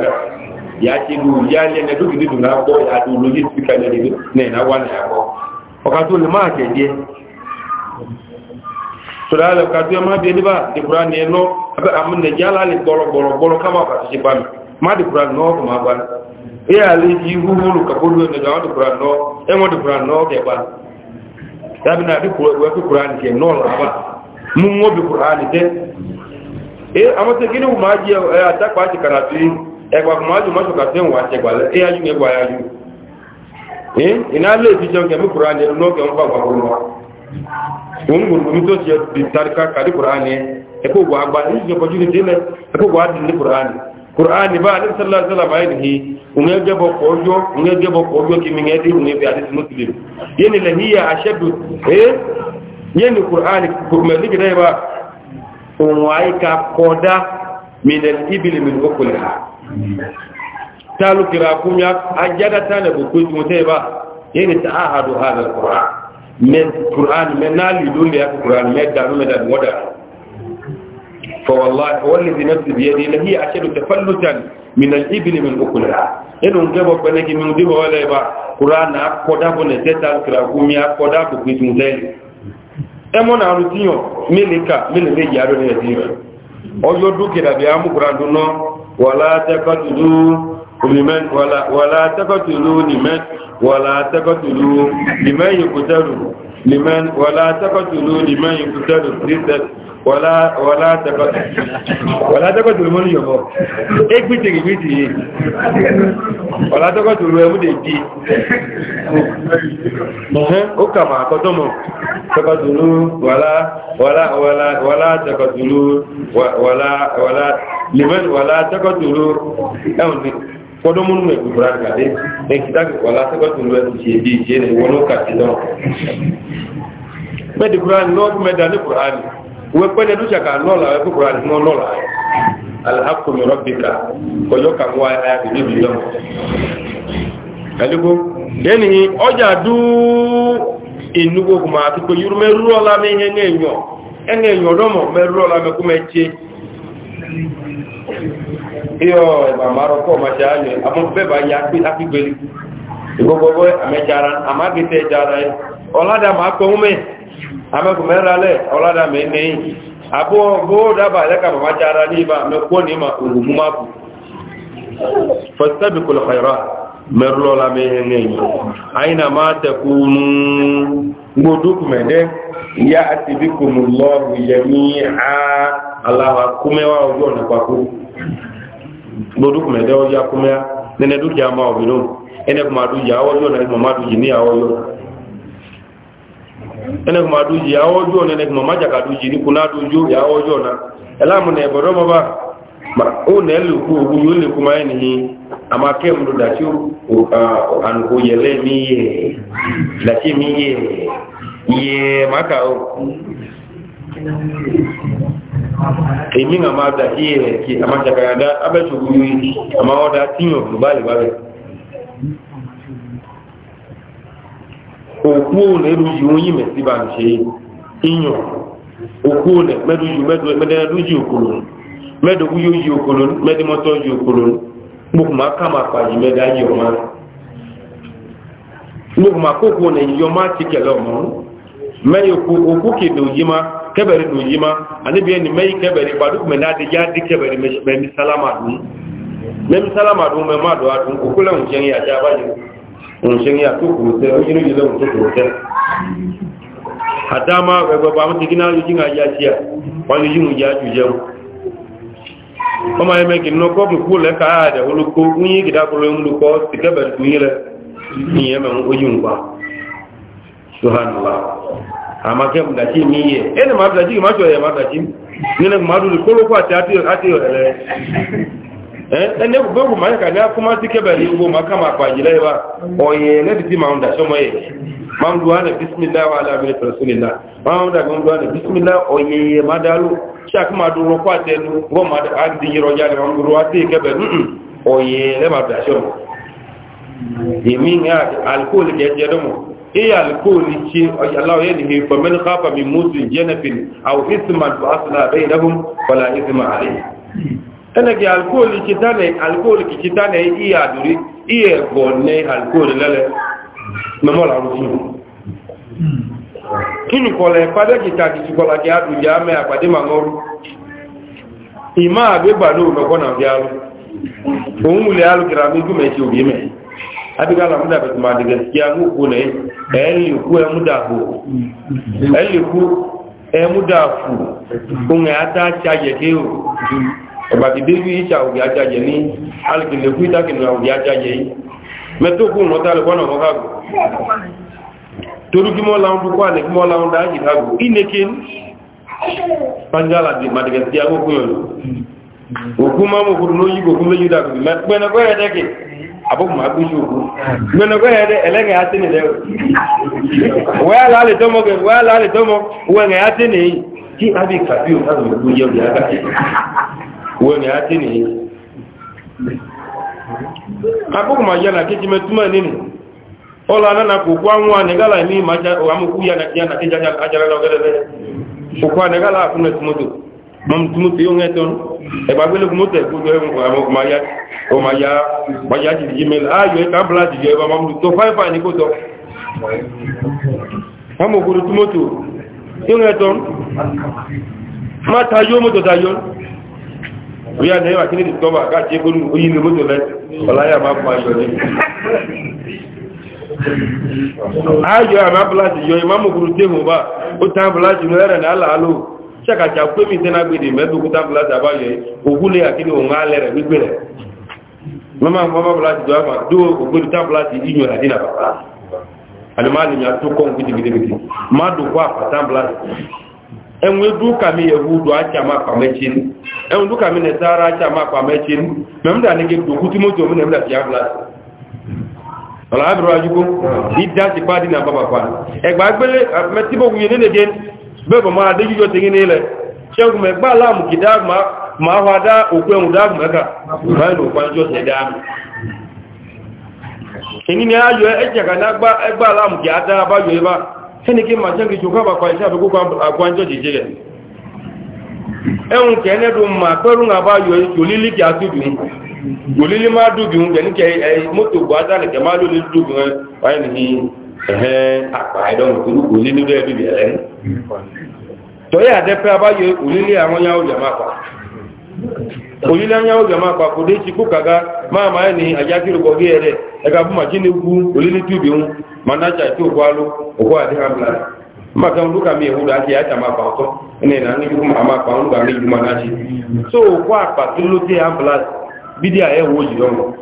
gẹ̀. yàtí lu yálẹ ní ẹdún gidi dùn agbọ yàtí olóyè síkà ní ẹdín ní ẹnà wà ní àgbọ ọkà tó lè máa kẹjẹ tòlá lè ọkà tó yẹ má bí ẹni bá dìkura ní ẹnọ abẹ amúnẹjẹ alálẹ gbọrọ gbọrọ gbọrọ ká máa fàṣẹ pa mi má dìkura ní ọkọ máa gba ẹ yà lè yí wúwúrú kàkó lu ẹnìyàn àwọn dìkura di ọ ẹ wọn dìkura ní ọ kẹgbà yàbí náà wẹ kúkúrà nìkẹ náà làbà mú wọn bìkúrà nìkẹ ẹ àwọn tẹ kí ni wọn máa jẹ ẹ àtàkpà ti kàrà tó yìí ẹgbà kò máa jù máa ṣùkà sẹ́wọ̀n àtẹgbà ẹyà yún ẹgbà ẹyà yún ní iná lè fi jẹun kẹmí kura ni ẹnu lọ́kẹ̀ ń fa gbà fún wa òun gbòòrò mi tó ṣe di tarika kàdí kura ni ẹkọ ògbà àgbà ní ìṣe kọjú ní délẹ ẹkọ ògbà àdì ní kura ni kura ni bá alẹ́ sẹ́lá bá òun àyíká kọ́dá mi nà ibìlì talu kira kun ya ajada ta ne bu kuyi mutai ba yani ta ahadu hadal qur'an men qur'an men ya qur'an men da men da wada fa wallahi wallazi nafsi bi yadi lahi ashadu tafallutan min al-ibli min ukula enu ngebo ko neki ba qur'an na ko da bu ya ko da bu kuyi mutai emo na rutiyo milika mile meji aro ne ti ولا تقتلوا لمن ولا ولا تقتلوا لمن ولا تقتلوا لمن يقتلوا لمن ولا تقتلوا لمن يقتل ضدك ولا ولا تقتل ولا تقتلوا من يمر اكبتي اكبتي ولا تقتلوا يمدي او كما قدموا تقتلوا ولا ولا ولا ولا تقتلوا ولا ولا لمن ولا تقتلوا kɔdɔ minnu bɛ kura ka de mɛ kita wala sɛbɛ tun bɛ tiɲɛ bi tiɲɛ de wɔlɔ ka ti dɔn mɛ di kura ni n'o tun bɛ da ni kura ni u bɛ kpɛlɛ du cɛ k'a nɔ la u bɛ kura ni nɔ nɔ la alihaku yɔrɔ bi ka kɔjɔ ka ŋɔ a y'a bi bi dɔn aliko yanni ɔjà du inugo kuma a ti ko yurumɛ rurɔ la mi hɛŋɛ nyɔ ɛŋɛ nyɔ dɔ mɔ mɛ rurɔ la mɛ kuma tiɲɛ. iyo ẹ̀bà márọ̀ kọ́ ma ṣe ayọ̀ àmọ́ bẹ́bà ya ama ìgbogbogbò àmẹ́jára àmágẹ́tẹ́ ẹjára ẹ ọ̀ládà máa kọ́ mẹ́ amẹ́kù mẹ́rẹ́lẹ̀ ọ̀ládà ma alawa kumewa ojo na kwa ku bodu kumede oja kumea nene du jama obino ene kuma du ja ojo na kuma du jini ojo ene kuma du ji ojo na ene kuma maja ka du jini kuna du ju ya ojo na elamu ne bodo baba ma o ne lu ku ogu yo le kuma eni ama ke mdu da ti o an ko yele mi ye da ti mi ye ye maka o èmi ń àmà àdá kí ẹ̀ kí àmà jàkàràdá abẹ́sòwò yìí àmà ọ̀dá ló bá lè bá òkú òun yìí mẹ̀sí bá ń ṣe òkú òun òkòlò òkòlò òkòlò gbogbo máa ká máa yìí ọ̀ma gbogbo máa kókó òun kẹlẹ́ mẹ́yìn òkú òjì máa kebere do yima ani bi ni mai kebere ba duk mena de ya di kebere me me salama du me mi salama du me ma do adu ko kula un jeng ya ja ba ni un jeng ya to ko te o yinu yele un to ko te adama be ba ba mu tigina yu jinga ya tia wa yu yinu ya ju je o ma yeme kin no ko mu kula ka ada hulu ko unyi gida ko lo mu ko ti kebere du yile ni yeme o yinu àmàkẹ́ mùdàtí mi yẹ ẹni ma mùdàtí ma ṣọ yẹ ma mùdàtí nínú màdùlù kólókó àti àti ọ̀rẹ́ ẹni gbogbo ma yẹka ní akúmá sí kẹbẹ̀rẹ̀ gbogbo ma ká ma pàjìlẹ̀ wa tí ma ń dàṣọ́ mọ́ yẹ ma ń duwa lẹ bisimilá wa alábìlẹ̀ pẹ̀lẹ́sọ́lélá ma ń dàgbà ń duwa lẹ bisimilá ọ̀yẹ̀ ma dálú ṣé àkúmá dúró kó àtẹnu wọ́n ma á di yọrọjá ni wọ́n dúró wá sí kẹbẹ̀ ọ̀yẹ̀ lẹ́ ma dàṣọ́ iya alkoli ce Allah ya nihe fa man khafa min musin janafin aw isman fa asla bainahum fala isma alayhi ana ki alkoli ce tane alkoli ki tane iya duri iya gonne alkoli lale memo la rufi kini kole pade ki ta ki kola ki adu ya me apade mangoru ima agbe ba no kona bi alu ohun le alu kira mi gume ti obi me adiga la muda bɛ tuma di gaskiya ŋu ko ne ɛn li ku ɛmu da ko ɛn ku ɛmu da fu ko ŋa ya ta ca jɛ ke o ɛba ti debi yi ca o ya ca jɛ ni hali kele ku ta kele o ya ca jɛ yi to ko nɔ ta le kɔnɔ kɔ ka go toruki mɔ lan du ko ale mɔ lan da yi ka go i ne di ma di gaskiya ŋu ko yɔ o kuma mo ko n'o yi ko ko n yi da ko mɛ ko yɛrɛ tɛ ke àbúkù máa gbé ṣòro gbẹnugbẹ yẹn dẹ ẹlẹgẹ á tẹnì lẹwọ wẹ́ẹ́ láàlẹ̀ tọ́mọ gẹ̀ wẹ́ẹ́ láàlẹ̀ tọ́mọ wẹ́ẹ̀ á tẹnì yìí kí ábí kàbí òkàlù ló yẹ na na wẹ́ẹ̀ á tẹnì yìí àbúkù máa yẹn nàkejì mẹ túmọ̀ nínú ọlọ anána kò kó àwọn anìgálà ní ìmájà àmúkú yẹn nàkejì ajára lọ́gẹ́dẹ́gẹ́ kò kó anìgálà àkúnẹ̀ tòmọ́tò mọ̀mù tí mo ti yóò ń ẹ̀tọ́ ẹ̀bà gbélé kò mọ́ tẹ̀ gbogbo ẹ̀ ọmọ ya ọmọ ya jìdì jí mẹ́lẹ̀ ayọ̀ ẹ̀ka bla jìdì ẹ̀bà mọ̀mù tó fáìfà ní kò tọ́ mọ̀mù òkúrú tí mo tó yóò ń ẹ̀tọ́ má ta yóò mọ́tò ta yóò bóyá ní ẹ̀wà kí ní ìtọ́wà káàkiri kó ní oyin ní mọ́tò rẹ̀ ọláyà má fún ayọ̀ rẹ̀ ayọ̀ àmà bla jìdì yọ ìmọ̀ òkúrú tí mo bá ó ta bla jìdì ẹ̀rẹ̀ ní àlàálò tsakacha kpemi tena gbede mɛdukuta fila daba yɛ owule akini òun alɛ rɛ gbigbe rɛ mama mama fila ti do ama do ogbeduta fila ti inyo la papa ato kɔn ma do kɔ apata fila ti du kami yevu do atsa ma du kami nɛsara atsa ma mɛmu da do kuti moto mu da fia fila ti ɔlɔ ida ti pa di na papa pa ɛgba gbele mɛtibo wuye ne ne den. bẹ́ẹ̀ bọ̀ máa déjújọ́ ti ní ilẹ̀ ṣẹ́gun mẹ́gbà láàmù kì dáàmà máa wá dá òkú ẹ̀hùn dáàmù mẹ́ka báyìí ló pàjọ́ ẹgbà láàmù kì ádá abájọ́ ibá ẹni kí máa ṣẹ́gun ìṣòkó àbàkọ iṣẹ́ àfikókò àgbájọ́ jẹjẹ máa pẹ́rù àbáyọ̀ ìṣòlílì kì á ẹ̀hẹ́n àpá ìdánwò tó lùkù nínú rẹ̀ bíbí ẹ̀rẹ́ tọ́yí àdẹ́pẹ́ abáyé onílé àwọn yáwó jàmápa onílé yáwó jàmápa kò dé chikú kàga máa máa ní àjákìrò kọ̀gí ẹ̀rẹ́ ẹka fún màjí tó òkú maka ń mi ìhúdà àti àtàmápa ọ̀tọ́ ní ìlànà ní fún àmápa ń mi so òkú yìí lọ́wọ́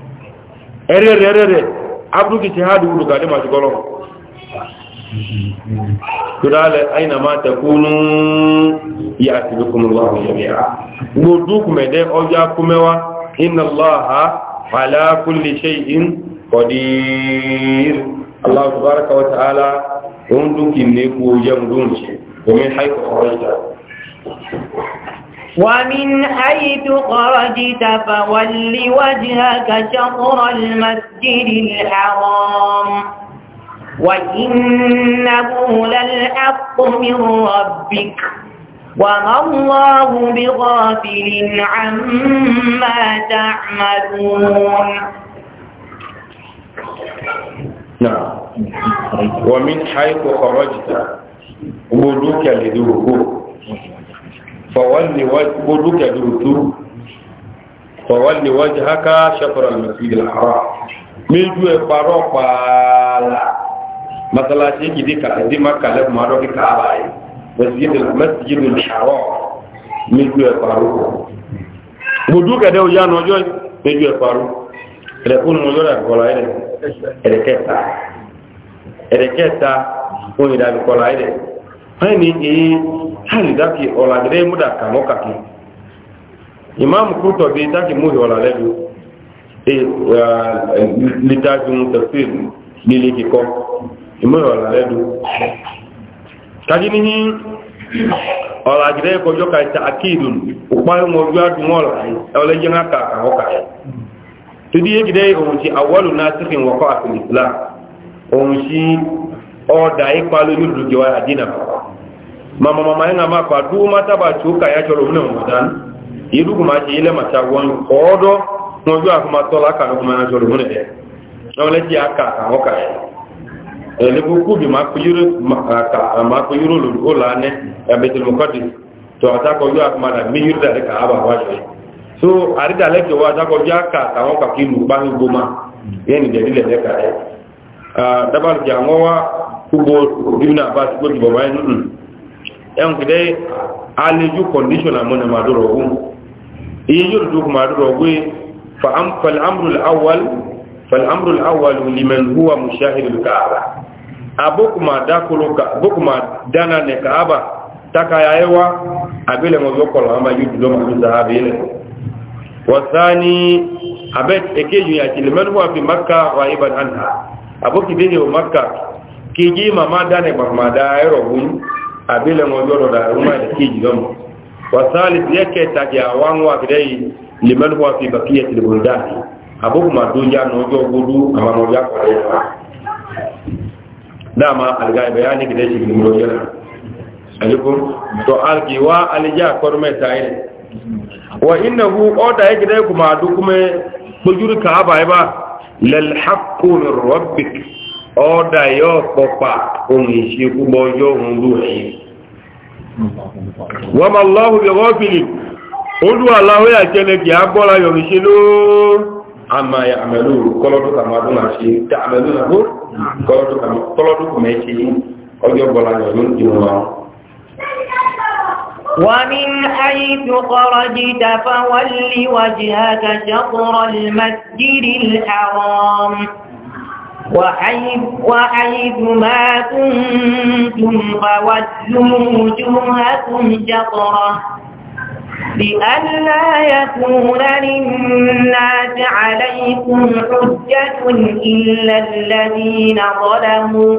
ẹ̀rẹ̀rẹ̀ abúrúkì ti hádù wùdùkà ní máa tẹ̀kúnú lọ́wọ́ jẹ́mìíra gbogbo kùmẹ̀dẹ́ ọjọ́ kúmẹ́wá iná lọ́ha alákùnlé ṣe in kọ̀dìr ومن حيث خرجت فول وجهك شطر المسجد الحرام وإنه للحق من ربك وما الله بغافل عما تعملون نعم ومن حيث خرجت وجودك لذوقك فولي وجهك دوتو فولي وجهك شطر المسجد الحرام ميجو بارو بالا مثلا شيء دي كدي ما كلام ما رو كعباي مسجد المسجد الحرام ميجو بارو بدو كده ويا نوجو ميجو بارو تلفون نوجو لا كولا ايه الكتا الكتا وين دا كولا ايه hani ee hali daki ola gire muda kamo kaki imam kuto bi daki muhi ola ledu e litaji mu tafsir lili kiko imuhi ola ledu kaji ni hin ola gire ko joka ta du mo la ola ka ka tudi yegide o ti awalu nasikhin wa qa'a fil islam o nshi o dukiwa adina mama mama yana ma kwa du mata ba chuka ya cholo mne mwadan yidu kuma ji ile mata won kodo ngoju akuma tola ka no kuma na cholo mne de na wala ji aka ka hoka e le buku bi ma ku yuru ma ka ma ku yuru lu ola ne ya betul muqaddis to ata ko yu akuma da mi yuru da ka aba wa je so ari da le ke wa ata ko ju aka ka hoka ki lu ba ah, ngo ma yeni de ile de ka de dabal ja ngowa kubo ibn abbas ko ji baba yin ẹn kìdẹ́ alẹ́jú kọndíṣọ́nà mọ́nà màdúrọ̀ ogun iye yóò dúkù màdúrọ̀ ogun fal'amrul awal liman huwa mushahidul ka'aba abokuma dakolo ka bokuma dana ne ka'aba takaya yawa abele mo yokolo amba yudu do mo zahabi ne wasani abet ekeju ya liman huwa fi makkah ghaiban anha aboki dege makka kiji mama dane ba mada ayro gun abele ngojo do da ruma da kiji gam wa salis yake ta ya wangu akidai liman huwa fi baqiyati al-buldan abu kuma dunya nojo gudu amma mo ya ko da dama algai bayani kidai shi gimro yana alikum to alki wa alija korme tayin wa innahu oda yake dai kuma du kuma bujur ka ba ba lal haqqu ọ́dà yóò pọ̀pà ohun ìṣekúbọ̀ ọjọ́ ohun ló ẹ̀yìn wọ́n ma lọ́hù yọ̀wọ́ fìlì olúwa aláwẹ́ àjẹ́lẹ̀ kì á gbọ́ra yọ̀rì ṣe ló àmà ومن حيث خرجت وجهك شطر المسجد الحرام وحيث, وحيث ما كنتم فوزوا وجوهكم شطره لئلا يكون للناس عليكم حجة إلا الذين ظلموا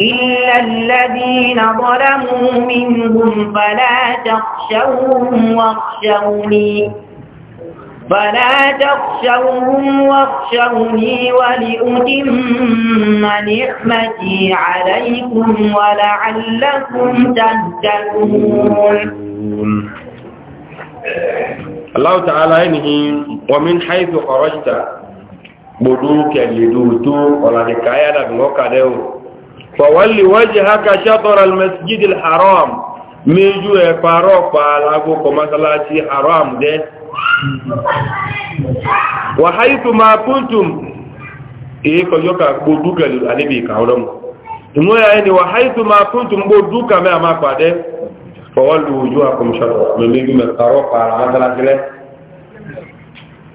إلا الذين ظلموا منهم فلا تخشوهم واخشوني فلا تخشوهم واخشوني ولأتم نعمتي عليكم ولعلكم تهتدون الله تعالى ينهي ومن حيث خرجت بدوك لدوتو ولا حكاية لك فولي وجهك شطر المسجد الحرام ميجو يفاروك فعلاقوك مسلاتي حرام ده wa haitu ma kuntum e ko yoka bo duka lu anibi ka odom imo ya ni wa haitu ma kuntum bo duka me ama pade fa wallu wujuhakum shatr me mi me karo para matala gele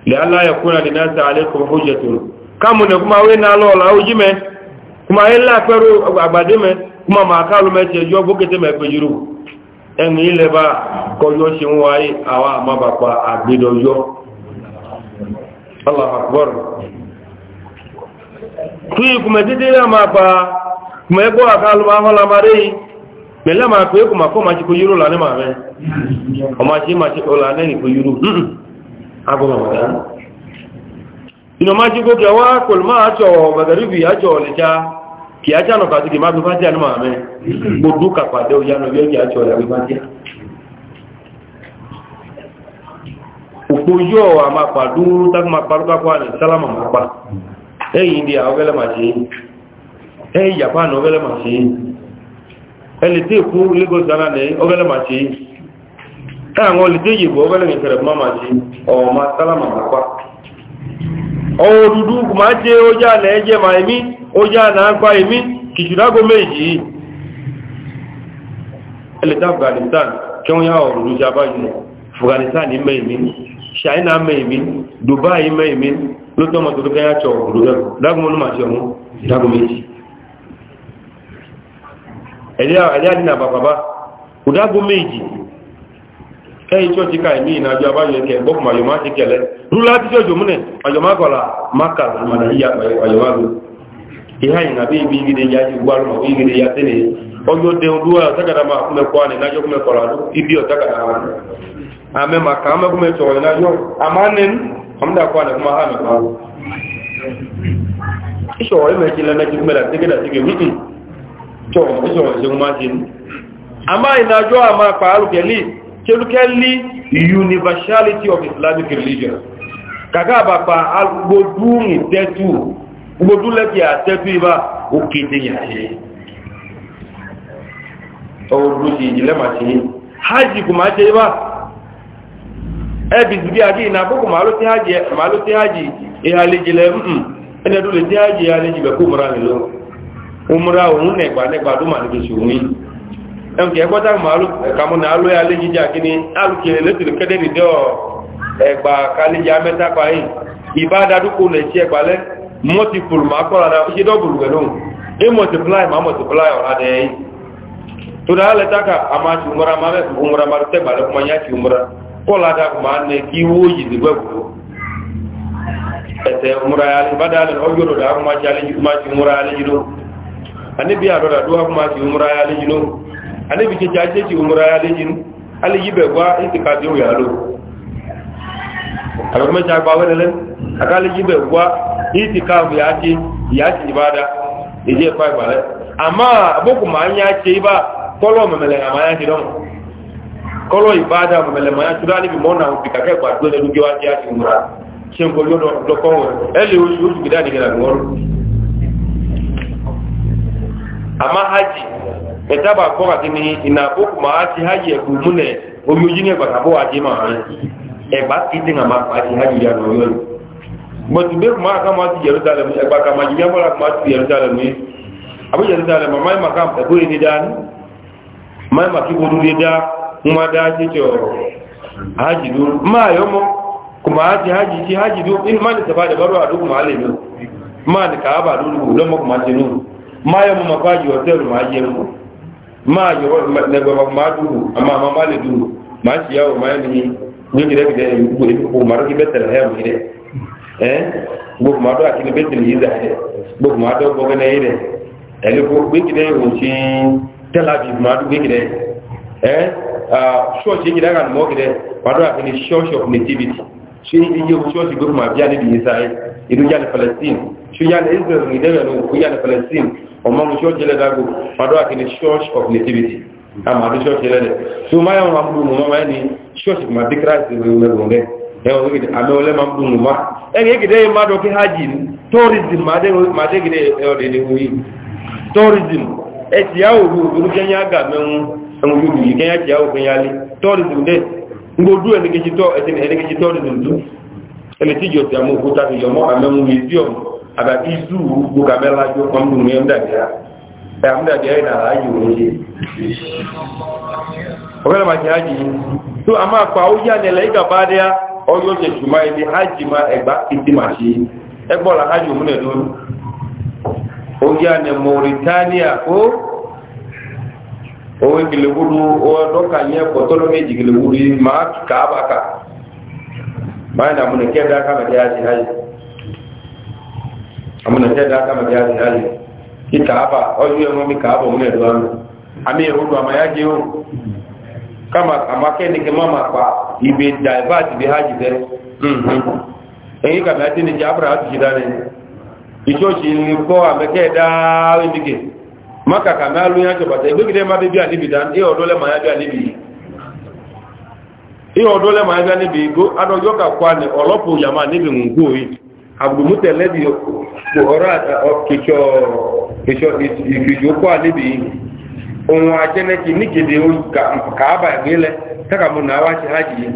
li alla yakuna linasi alaykum hujjatun kamu ne kuma we na lo la ojime kuma ila peru agbade me kuma ma kalu me je jo bokete me pejuru ẹni ilẹ̀ bá ṣe ń wáyé àwọn àmábàpá àgbédọjọ́ aláhàkbọ́r tí ìkùnmẹ̀ títí náà máa pa kùnmẹ̀ ẹgbọ́ àkálù ahọ́lamaré pẹ̀lẹ́ máa pé kùnmà kọ́ máa ṣe kó yúrò lánẹ́ máa ọmọ ṣe máa ṣe kì á jànà kàtí kì má fi fájá ní màmẹ́ gbogbo kàpàdé òyànà yóò kì á tí ọ̀yà fi fájá òpó yóò àmàpàdú tákùmàpàdúkàpà ní sálámà mọ́pa ẹ̀yìn ìdí àwọ́gẹ́lẹ́ màá ṣe ẹ̀yìn yàpá ní ọgẹ́lẹ́ màá ṣe ẹ̀lẹ́ tí èkú lagos ghana ní ọgẹ́lẹ́ màá ṣe táwọn olùdíyìnbó ọgẹ́lẹ́ ọwọ́ dúdú ma jẹ́ ó já na ẹjẹ́ ma emi ó já na agbá èmi kìjìdágó méjì ẹlẹ́ta afghanistan kí wọ́n yá ọ̀rọ̀ lójú abájú afghanistan mẹ́ èmi china mẹ́ dubai mẹ́ èmi ọmọ ẹ̀yìn tí ó ti ká ìmí ìnàjò àbáyọ̀ ẹ̀kẹ́ gbọ́kù màyọ̀má ti kẹlẹ̀ rúlá tí tí ó jùmú nẹ̀ màyọ̀má kọ̀lá maka màdà yíya ya ti ya tẹ́lẹ̀ ọjọ́ dẹun dúwà ọ̀tàkàdà máa kúmẹ̀ kọ́ àní nájọ́ kúmẹ̀ kọ̀lá ló ibi ọ̀tàkàdà máa àmẹ́ màkà àmẹ́ kúmẹ̀ tọ̀rọ̀ ìnájọ́ àmà nẹ́n ọmọdé àkọ́ àná kúmẹ̀ hàn mọ́ ìṣòro ìmẹ̀jì lẹ́mẹ̀jì kúmẹ̀ làtẹ́kẹ̀dà sí kẹ̀mí tọ̀rọ̀ ìṣòro ìṣẹ́gun máa ṣe ní àmà ìnájọ́ àmà pàálù kẹ̀lí kelukeli universality of islamic religion kaka bapa agbodu nitetu gbodu lẹbi atẹtu iba okete yàtẹ ọwọdu ti ìjìnlẹ ma ṣe hajj kò máa ṣe iba ẹbí zibi agi iná kókò máa ló ti hajj máa ló ti hajj ìhàlejìlẹ mm lè kó ẹnkì ẹgbọ́ta kàmù náà lóyà lè jíjà kí ni alùkèrè lẹ́tìrì kẹ́dẹ̀ nìdẹ́ ọ̀ ẹgbà kàlíjà mẹ́ta pàáyì ìbá dadúkú lè ṣe ẹgbàlẹ́ multiple ma kọ́ra náà ṣe dọ́bùrù pẹ̀lú ẹ multiply ma multiply ọ̀rá dẹ̀ yìí tó dáa lẹ taka a máa ti múra máa mẹ́fì fún múra máa tẹ́ gbàlẹ́ kuma anabi jeje ajeji umra ya lejin ali yibe gwa itika de o ya lo aba me ja gwa le aka ali yibe gwa itika ya ti ya ti ibada eje pa ibale ama boku ma anya che iba kolo memele ma ya ti don kolo ibada memele ma ya tu dali bi mona u bika ke gwa do le dugi wa ti ati umra chen ko yo do ko ele o yu gida ni gida ngoro ama haji ẹ̀tàbà kọ́ àti ní ìnàbókù máa ti háyì ẹ̀kù múlẹ̀ a ojú ní ẹgbàtàbó àti máa rẹ̀ ti jerusalem ẹgbà ká máa jìyàn mọ́ra máa ti jerusalem ma ká ẹ̀kọ́ yìí dá ní máa ma kí wọ́n dé dá ń wá dá títí ọ̀rọ̀ hájì dúró máa yọ ti hájì sí hájì dúró inú máa ní sẹ̀fà àdàbọ̀rọ̀ àdókù máa ti máa yọ̀wọ́ lẹ́gbẹ̀rọ máa dúró àmà àmà máa lè dúró máa ṣe yàwó máa ní gbẹ́gbẹ́ gbẹ́ gbogbo èmi kò máa rọ́gí bẹ́tẹ̀rẹ̀ hẹ́ mi rẹ̀ ẹ́ gbogbo máa dọ́ àkíní bẹ́tẹ̀rẹ̀ yìí dà rẹ̀ gbogbo máa dọ́ gbọ́gbẹ́ náà yìí rẹ̀ ẹ̀lẹ́ kó gbẹ́gbẹ́ òun ṣe tẹ́lá bí máa dú gbẹ́gbẹ́ ẹ́ ṣọ́ọ̀ṣì yìí dára mọ́ gbẹ́ máa dọ́ àkíní church of nativity ṣé iye ṣọ́ọ̀ṣì gbogbo máa bí ọmọ mu church lẹ dago madu akini church of nativity ama adu church lẹ dẹ so maya wọn mamu ẹni church ma bi christ lẹ wọn lẹgbọn dẹ ẹ wọn gidi ame wọn ma ki hajj tourism de ma de gidi ẹ yi tourism ẹ ti ya oru oru kẹnyà aga mẹun ẹmu yóò yìí ti ya li tourism dẹ ẹni tọ ẹni tourism du ẹni jọ ti Aga izu ugbo ka mela jo kɔndu ŋe mdadia ɛ ya yi na ayi wo ye o kana ma ti so to a ma kpa o yanni la i ka ba de ya ma egba kiti ma si haji mun o mauritania ko o ekele wudu o ka nyɛ kɔtɔ ma ka abaka ma na mun de kɛ da kama de ya amuna tɛ da kama ja da ne ki kaaba o yu mo mi kaaba mo ne do an ami e hudu ama ya je o kama ama ke ni ke mama pa ibe divert bi haji de mhm eyi ka ba tin ja abra atu jida ne icho chi ni ko ameke da we dige maka ka ma lu ya jo ba de gbe ma bi bi ani bi dan e odo le ma ya bi ani bi e odo le ma ya bi go adojo ka kwa ni olopo yama ni bi ngu yi abdulmuta lẹ́bi ọ̀rọ̀ kìṣọ́ ìfìjókòó àlébi ohun ajẹ́nẹ́kì níkèdè a ìrìnlẹ̀ tàkàmù náà wá ṣe hajj yìí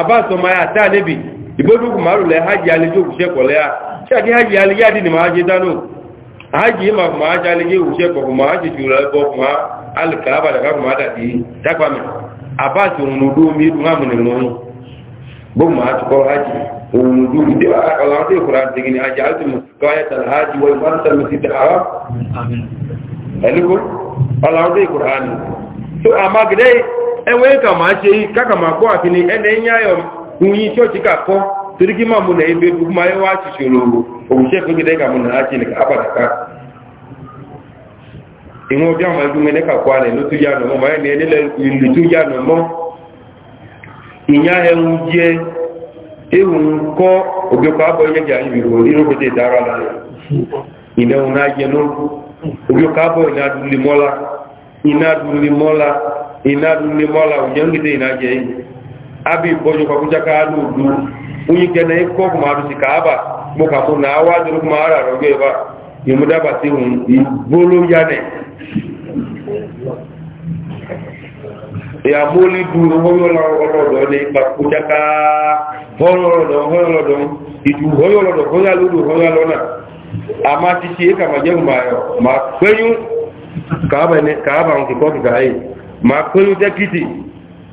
abbas ọmọ ya tàà lẹ́bi ìbójúkù márù lẹ hajj alẹ́jọ́ òkúṣẹ́kọ̀ lẹ́yà ṣàdí hajj alẹ́yàdì ni máa jẹ dánú hajj yìí máa máa jẹ alẹ́jẹ́ òkúṣẹ́kọ̀ máa jẹ jù rẹ̀ bọ́ máa alùkàábà dàkàkù máa dàbí tàkàmù abbas òun ló hajj ونجوم دي بقى الله دي قران دي ني اجعلتم مسقايه الحاج والبنت المسجد الحرام امين قالوا الله دي قران سو اما كده ewe kama se kaka ma ko afini ene nyayo unyi church ka ko turiki ma mu na ebe bu ma yewa chi sholo o se ko gide ka mu na achi ni apa a inu obi ama edu mene ka ko ale no tu ya no mo ma ene ele lu tu ya no mo inya he unje ewu nkɔ obiokɔ abɔ yɛ gya yi biko ni n'oge te dara la ìnáwó náà yẹ ló obiokɔ abɔ ìná duli mɔla ìná duli Ina ìná duli mɔla ònyɛ ń gete ìná jɛ yìí abi bɔjɔ kɔkúta ká ló du ike kɛnɛ kɔ kuma do si kaaba mo kà fún kuma ara rẹ gbé ba ìmúdàbà sí òun ìgbóló yanẹ ìyàmó hoyolodo hoyolodo itu hoyolodo hoyaludu hoyalona ama titi eka majengo mayo makwenyu kaaba ne kaaba nkikoki kai makwenyu takiti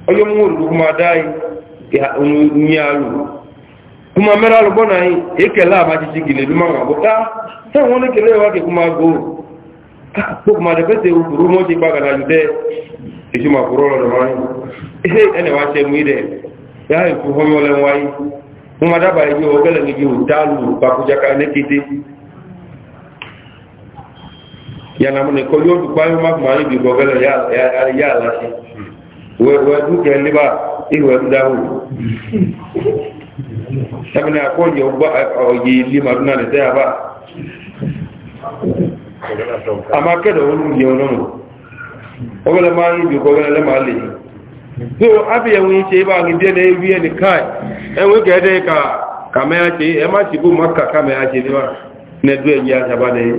oyo muru kuma dai ya unyalu kuma meralo bona hi ekela ama titi gile duma go na ya yi ku hoyo len wayi kuma da bai yi ogala ni ji utalu ba jaka ne kiti ya na mun ko yo du kwayo ma ma bi ogala ya ya ya la shi we we du ke ni ya i we du dawo tamina ko ba yi ma ba ama O bi ogala le maa so abịa enwe iche ibe ahụ ndị na-ewi ya nkai enwe ka ede ka kameachi emachi bụ maka kameachi dị na-edu enyi achaba na eyi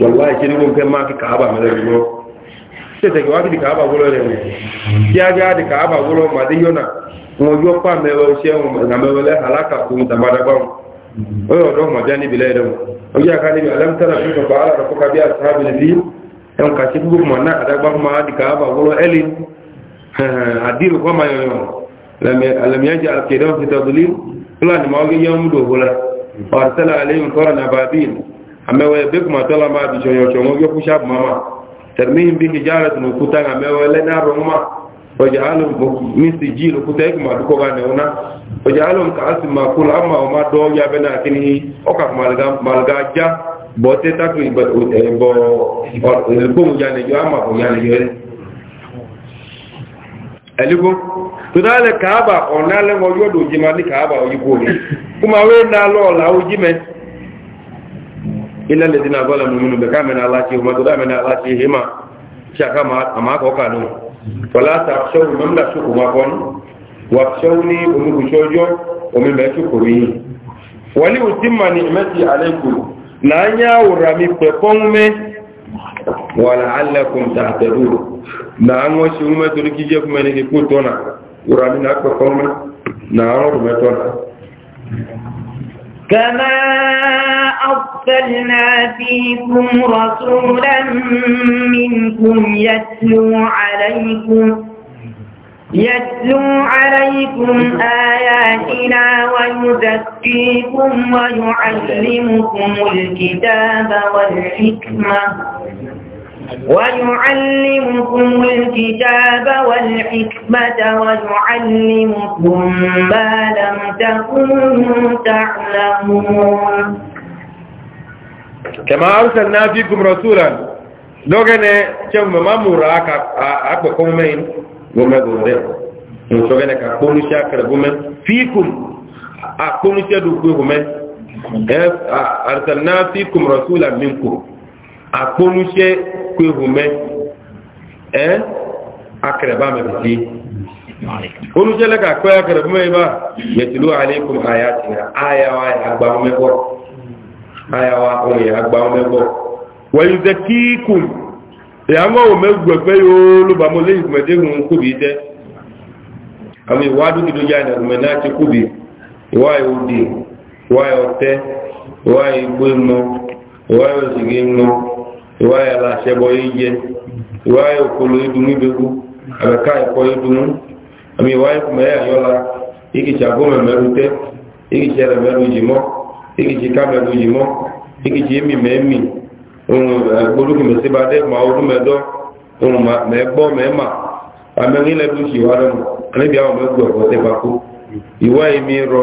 wallahi chi nke mmadụ ka aba mere rigbo chete gị ka aba gwụrụ ya chi aja dị ka aba gwụrụ ma dị yona kwa ochie na mewele halaka kwuru onye ọdọ ma bịa n'ibile ere onye aka n'ibi alamtara ka ala rafụka bịa sahabi na enwe ma na dị ka aba gwụrụ àdìrò kọ́ máa yọ̀yọ̀ lẹ́mìíyànjẹ àkèdè fi tọ́dúlí fúlàní máa gé yẹn múdò hula ọ̀rẹ́sẹ́lẹ̀ àlẹ́yìn kọ́rọ̀ na babin àmẹ́wẹ́ bẹ́kùnmá tọ́lá máa bì ṣọ̀yọ̀ ṣọ̀wọ́n yóò mama. Termin máma tẹ̀míyìn bí hijara tún òkúta àmẹ́wẹ́ lẹ́nàrọ̀ mọ́ ọjà alùm mísì jí lókúta ẹkùnmá dúkọ́ bá nẹ̀ ọ́nà ọjà alùm kàásì máa kú àmà ọmọ dọ́ ya bẹ́ náà kí ni ọkà màlgà já bọ́ tẹ́tàkì ìbọ̀ ìlúkọ́ òun yanẹ̀yọ́ àmà òun yanẹ̀yọ́ rẹ̀ ẹ̀lígbó tó náà lẹ kàábà ọ̀nà alẹ́mọ yóò dò jí ma ní kàábà òyìnbó rẹ̀ kó ma wé náà lọ ọ̀là ojí mẹ́ ilẹ̀ lẹ́dínà bọ́lá mú nínú bẹ̀ká mẹ́rin aláti ọmọ tó dámẹ́rin aláti hema ṣàkà àmàkọ́kà nù tọ́lá tàṣọ́wù mọ́mílà ṣòkò máa نعم an wasu ume tori ki jef mene ki kuto na urani na ko tona كما أرسلنا فيكم رسولا منكم يتلو عليكم يتلو عليكم آياتنا ويزكيكم ويعلمكم الكتاب والحكمة ويعلمكم الْكِتَابَ وَالْحِكْمَةَ ويعلمكم ما لم تكونوا تعلمون كما أرسلنا فيكم رسولا دوغني كم مامورا أكبر كومين gomegombe nsogene ka kponisi akere gome fikum a kponisi adu kwe gome arsalna fikum rasulan minkum akpọnusie kwehume ɛ akɛrɛba mɛmɛti onusie lɛ kakpɛ akɛrɛba mɛ ba yɛtulu aleikum ayati ayawa agbawo ayawa onye agbawo mɛ bɔ wayuze kiikum mo kubi ya na mɛ kubi iwa odi ìwáyà aláṣẹbọ yíjẹ ìwáyà òkòlò ìdùnnú ìbẹ̀kú àbẹ̀ká ẹ̀kọ́ ìdùnnú àmì ìwáyà kùmẹ̀yà yọ́la ìkìtì àgọ́mẹ̀mẹ́rú tẹ́ ìkìtì ẹ̀rẹ̀mẹ́rú jìmọ́ ìkìtì kámẹ́rú jìmọ́ ìkìtì èmì mẹ́mì ohun gbólúkùmẹ̀síbadẹ́ màá ọdún mẹ́dọ́ ohun mẹ́gbọ́ mẹ́mà àmẹ́rìnlẹ́dún emi rọ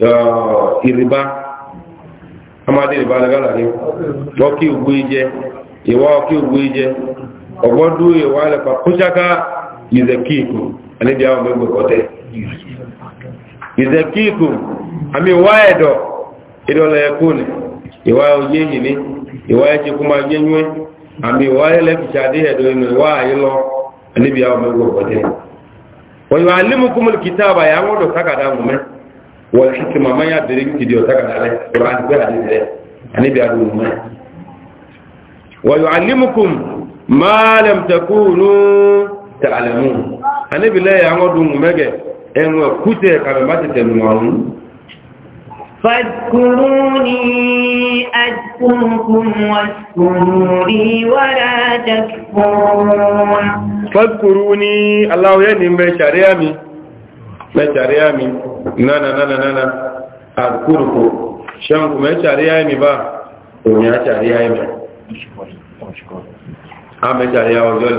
ìrìbá amadé ìrìbá lẹ́gàlà ni wọ́n kí ògbó jẹ ìwọ́ kí ògbó jẹ ọgbọ́dú ìwà lẹ́pà kúṣáká ìzẹ̀kíkù àníbi àwọn mẹ́gbẹ̀ kọ́tẹ́ ìzẹ̀kíkù àmì ìwà ẹ̀dọ̀ ìdọ̀lẹ̀ ẹ̀kọ́ ni ìwà oyé yìí ni ìwà ẹ̀ṣẹ̀ kú máa yé yún àmì ìwà ẹlẹ́fìṣà dé ẹ̀dọ̀ inú ìwà ayé lọ àníbi àwọn mẹ́gbẹ̀ kọ́tẹ́ wọ́n yóò alímùkúmù kìtàbà yà ń wọ́dọ̀ sákàdá mùmẹ́ wal hikma ma ya dere ki dio taga dale qur'an ko hadith dere ani bi adu ma wa yuallimukum ma lam takunu ta'lamun ani bi la ya ngodu mege enwe kute ka be matete nwaru فاذكروني أذكركم واشكروني ولا تكفرون فاذكروني الله ينمي شريامي mẹ́tàrí àmì nánà nánà nánà àkúrùkù ṣankù mẹ́tàrí àmì bá òyìn àtàrí àmì àmẹ́tàrí ọjọ́ lè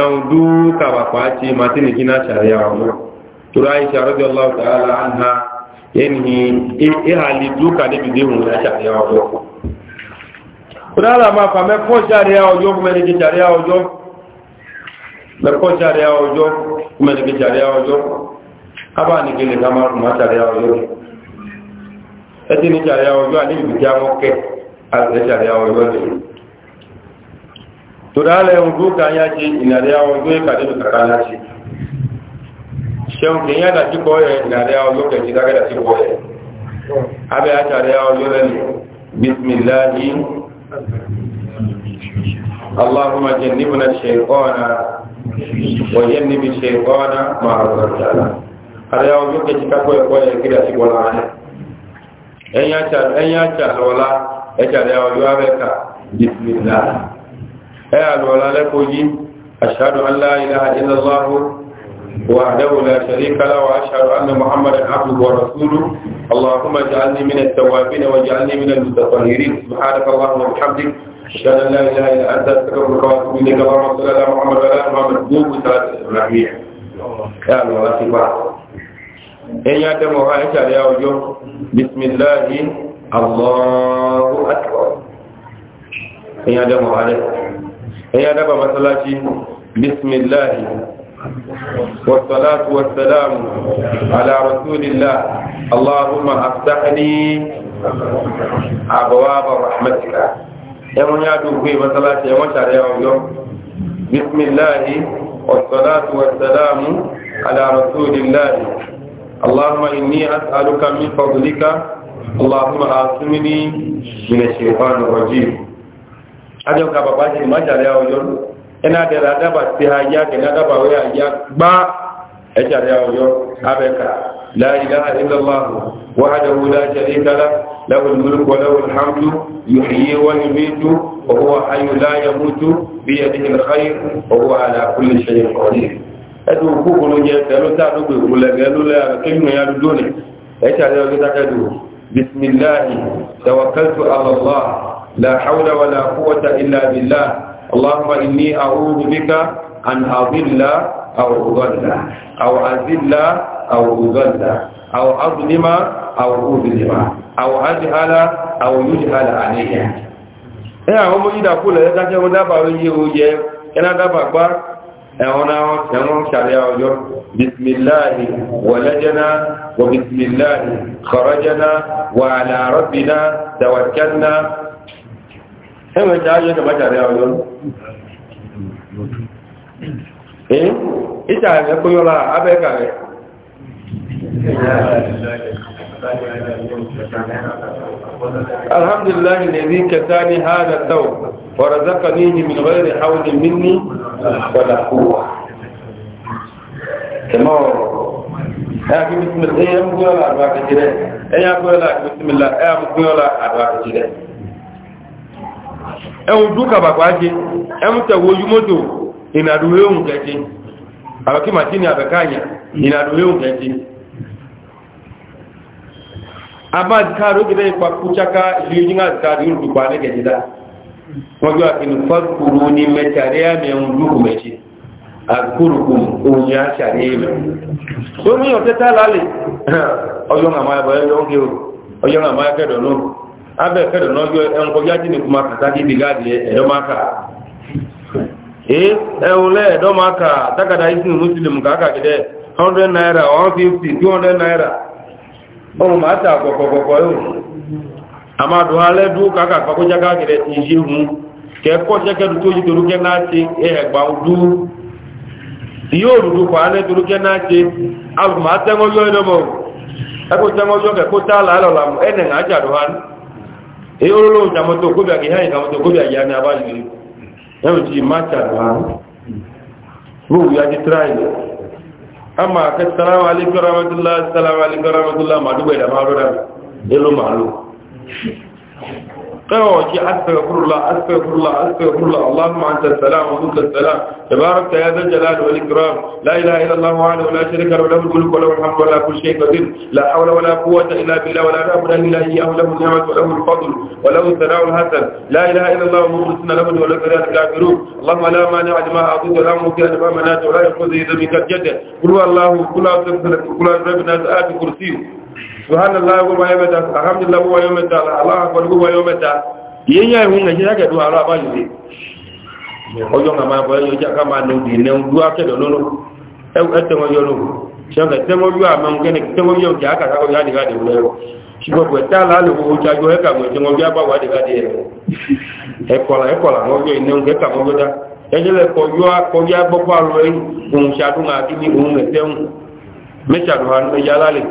ẹ̀hùn dúkàwàpá àti martiniki náà tàrí àwọn tura ìṣẹ́ àrọ́jọ́ láwùtàrà àhá yẹni ìhàlì dúkà níbi déhùn látàrí ọjọ́ mẹ́kọ́ jàrí ọjọ́ mẹ́lẹ̀kì jàrí ọjọ́ ábà ní kí lè ká márùn má jàrí ọjọ́ ẹtí ní jàrí ọjọ́ àní ìbìjá mọ́kẹ́ àti jàrí ọjọ́ lè tó dáálẹ̀ ọdún káyá jẹ ìnàrí ọjọ́ ìkàdínú kàkà láti ṣeun kì í yá dàtí kọ́ ẹ̀ ìnàrí ọjọ́ kẹjì dágẹ́dà sí kọ́ اللهم جنبنا الشيطان وجنب الشيطان ما رزقتنا هذا يوم يمكن تكاكوي كوي كده تقول عنه ان يشال ان يشال ولا يشال يا وجهك بسم الله اي الولا لكوجي اشهد ان لا اله الا الله وحده لا شريك له واشهد ان محمدا عبده ورسوله اللهم اجعلني من التوابين واجعلني من المتطهرين سبحانك اللهم وبحمدك أشهد أن لا إله إلا أنت أستغفرك وأتوب إليك اللهم صل على محمد وعلى آل محمد دوب صلاة إبراهيم يا الله لا تبع إن يتم عائشة يا وجوه بسم الله الله أكبر إن يتم عليه إن يتم مسلاتي بسم الله والصلاة والسلام على رسول الله اللهم افتح لي أبواب رحمتك ẹwọn yá dùgbé mọ́sálásí ẹwọn ṣàrẹ ọjọ́ bismillahi wasalatu wasalamu ala rasulillahi allahumma inni as'aluka min fadlika allahumma asumini min ash-shaytan ar-rajim ajo ka baba ji ma ṣàrẹ ọjọ́ ina da radaba ti ha ya لا إله إلا الله وحده لا شريك له له الملك وله الحمد يحيي ويميت وهو حي لا يموت بيده الخير وهو على كل شيء قدير ẹdùn òkúkú ló jẹ tẹ̀lú tààdùgbò ìwòlẹ̀gẹ̀ ló lẹ́yà kínú ya ló dóní ẹ̀ṣẹ́ àjẹ́ ọjọ́ tàkẹ́dù bismillahi tawakaltu alallah la haula wa la quwwata illa billah allahumma inni a'udhu bika أو يذل أو أظلم أو أظلم أو أجهل أو يجهل عليه ẹ àwọn ọmọ yìí dàkú lẹ̀ ẹ́dájẹ́ wọn dábàá ló yé oúnjẹ ẹ̀nà dábàá gbá ẹ̀wọ̀n àwọn ẹ̀wọ̀n ṣàlẹ̀ ọjọ́ bismillahi wọ̀lẹ́jẹ́ná wọ bismillahi kọ̀rọ̀jẹ́ná wà àlàárọ̀bìná tẹ̀wàkẹ́ná ẹ̀wọ̀n ṣe ayé ṣàmá ṣàlẹ̀ ọjọ́ ẹ̀ ìṣàlẹ̀ kóyọ́lá abẹ́kàrẹ̀ الحمد لله الذي كساني هذا الثوب ورزقنيه من غير حول مني ولا قوة كما لكن بسم الله يا مقول الله أربعة كتيرة يا مقول الله بسم الله يا مقول الله أربعة كتيرة ẹun dúkà bàbá jẹ ẹun tẹ̀wọ̀ ojúmọ́tò ìnàdúwé òun kẹjẹ àbẹ̀kí màtí ni àbẹ̀ká àyà ìnàdúwé òun kẹjẹ ama adikaru gida ipa kuchaka liyujin adikaru yin dukwa na gajida wajen akin farkuru ni metariya mai duku mai ce akurukun ohun ya ṣàríyé mai tó ní ọ̀tẹ́ tààlálẹ̀ ọjọ́ àmà ẹbọ̀ ẹjọ́ oúnjẹ ọjọ́ àmà ẹkẹ́dọ̀ kuma muslim 100 naira 150 200 naira ọmọ ha tà kọ̀kọ̀kọ̀kọ̀ yóò àmàdù alẹ́ dúó kàkà kọkọ́já káàkiri ìṣe hun kẹ́kọ́ ṣẹ́kẹ́dù tó yí torúkẹ́ náà ṣe ẹ̀ẹ̀gbà ojú yóò rúdú pa alẹ́ torúkẹ́ náà ṣe alù máa tẹ́wọ́jọ́ ẹ̀dọ́mọ̀ ẹkọ́ tẹ́wọ́jọ́ kẹ́kọ́ tá làálọ̀ làmù ẹ̀nẹ̀ amma ka salamu alaikum rahmatullah salamu alaikum rahmatullah ma dubai da maro da ilo malo قوتي أستغفر الله أستغفر الله أستغفر الله اللهم أنت السلام ومنك السلام تبارك يا ذا الجلال والإكرام لا إله إلا الله وحده لا شريك له له الملك وله الحمد ولا كل شيء قدير لا حول ولا قوة إلا بالله ولا نعبد إلا إياه له النعمة وله الفضل وله الثناء الحسن لا إله إلا الله مخلصنا له ولا كره الكافرون اللهم لا مانع لما أعطيت ولا مطيع لما منعت ولا يخذ إذا بك الجد قل الله كل أستغفر كل أستغفر آتي كرسيه subhanallah gbogbo ayọ́ mẹ́ta alhamdulillah gbogbo ayọ́ mẹ́ta aláàkọ́dù gbogbo ayọ́ mẹ́ta yíyá ìhun nàìjíríà kẹ̀dù àrọ́ àbáyọ̀ rẹ̀ ọjọ́ nga máa bọ̀ ẹyọ jẹ́ ká máa nà òdì nẹ́un dúró akẹ́dọ̀ lọ́nà ẹtẹ̀wọ̀n yọ lọ́wọ́ ṣẹ́kẹ̀ tẹ́wọ́n yọ àmọ́n kẹ́ni tẹ́wọ́n yọ kí àkàtà kọ́ yáde káde wọlé rẹ̀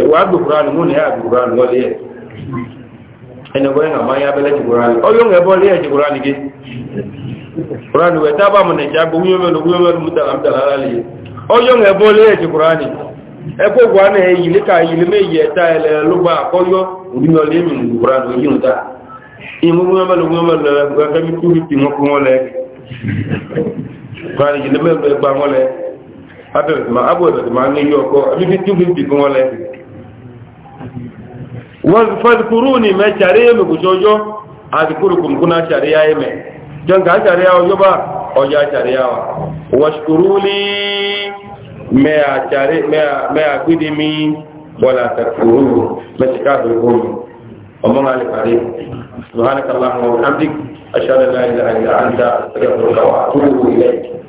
wàádùn kúránù mú ní àgbò kúránù lọ́lé ẹ̀ ẹnìgbọ́n ẹ̀nà máa yábẹ́lẹ́ ti kúránù ọyọ́ ẹ̀bọ́ lé ẹ̀jẹ̀ kúránù gé kúránù ẹ̀ tábà mọ̀ nàìjíríà gbogbo wíwọ́mẹ́lú wíwọ́mẹ́lú mútàlámtàlá lè ọyọ́ ẹ̀bọ́ lé ẹ̀jẹ̀ ló gba àkọ́yọ́ òdìmọ̀lé mi kúránù yìí ta ìmú wíwọ́mẹ́lú wíwọ́mẹ́lú ẹ̀kẹ́ mi kúrú ti wọ́n kú wọn lẹ́ kúránù fi fún wọn fadkuruni me chariye me kujojo adkurukum kuna chariya yeme jonga chariya ojoba oja chariya wa washkuruli me achari me me akidimi wala takfuru me chikabu kumi omonga ali kari subhanakallahumma wa bihamdik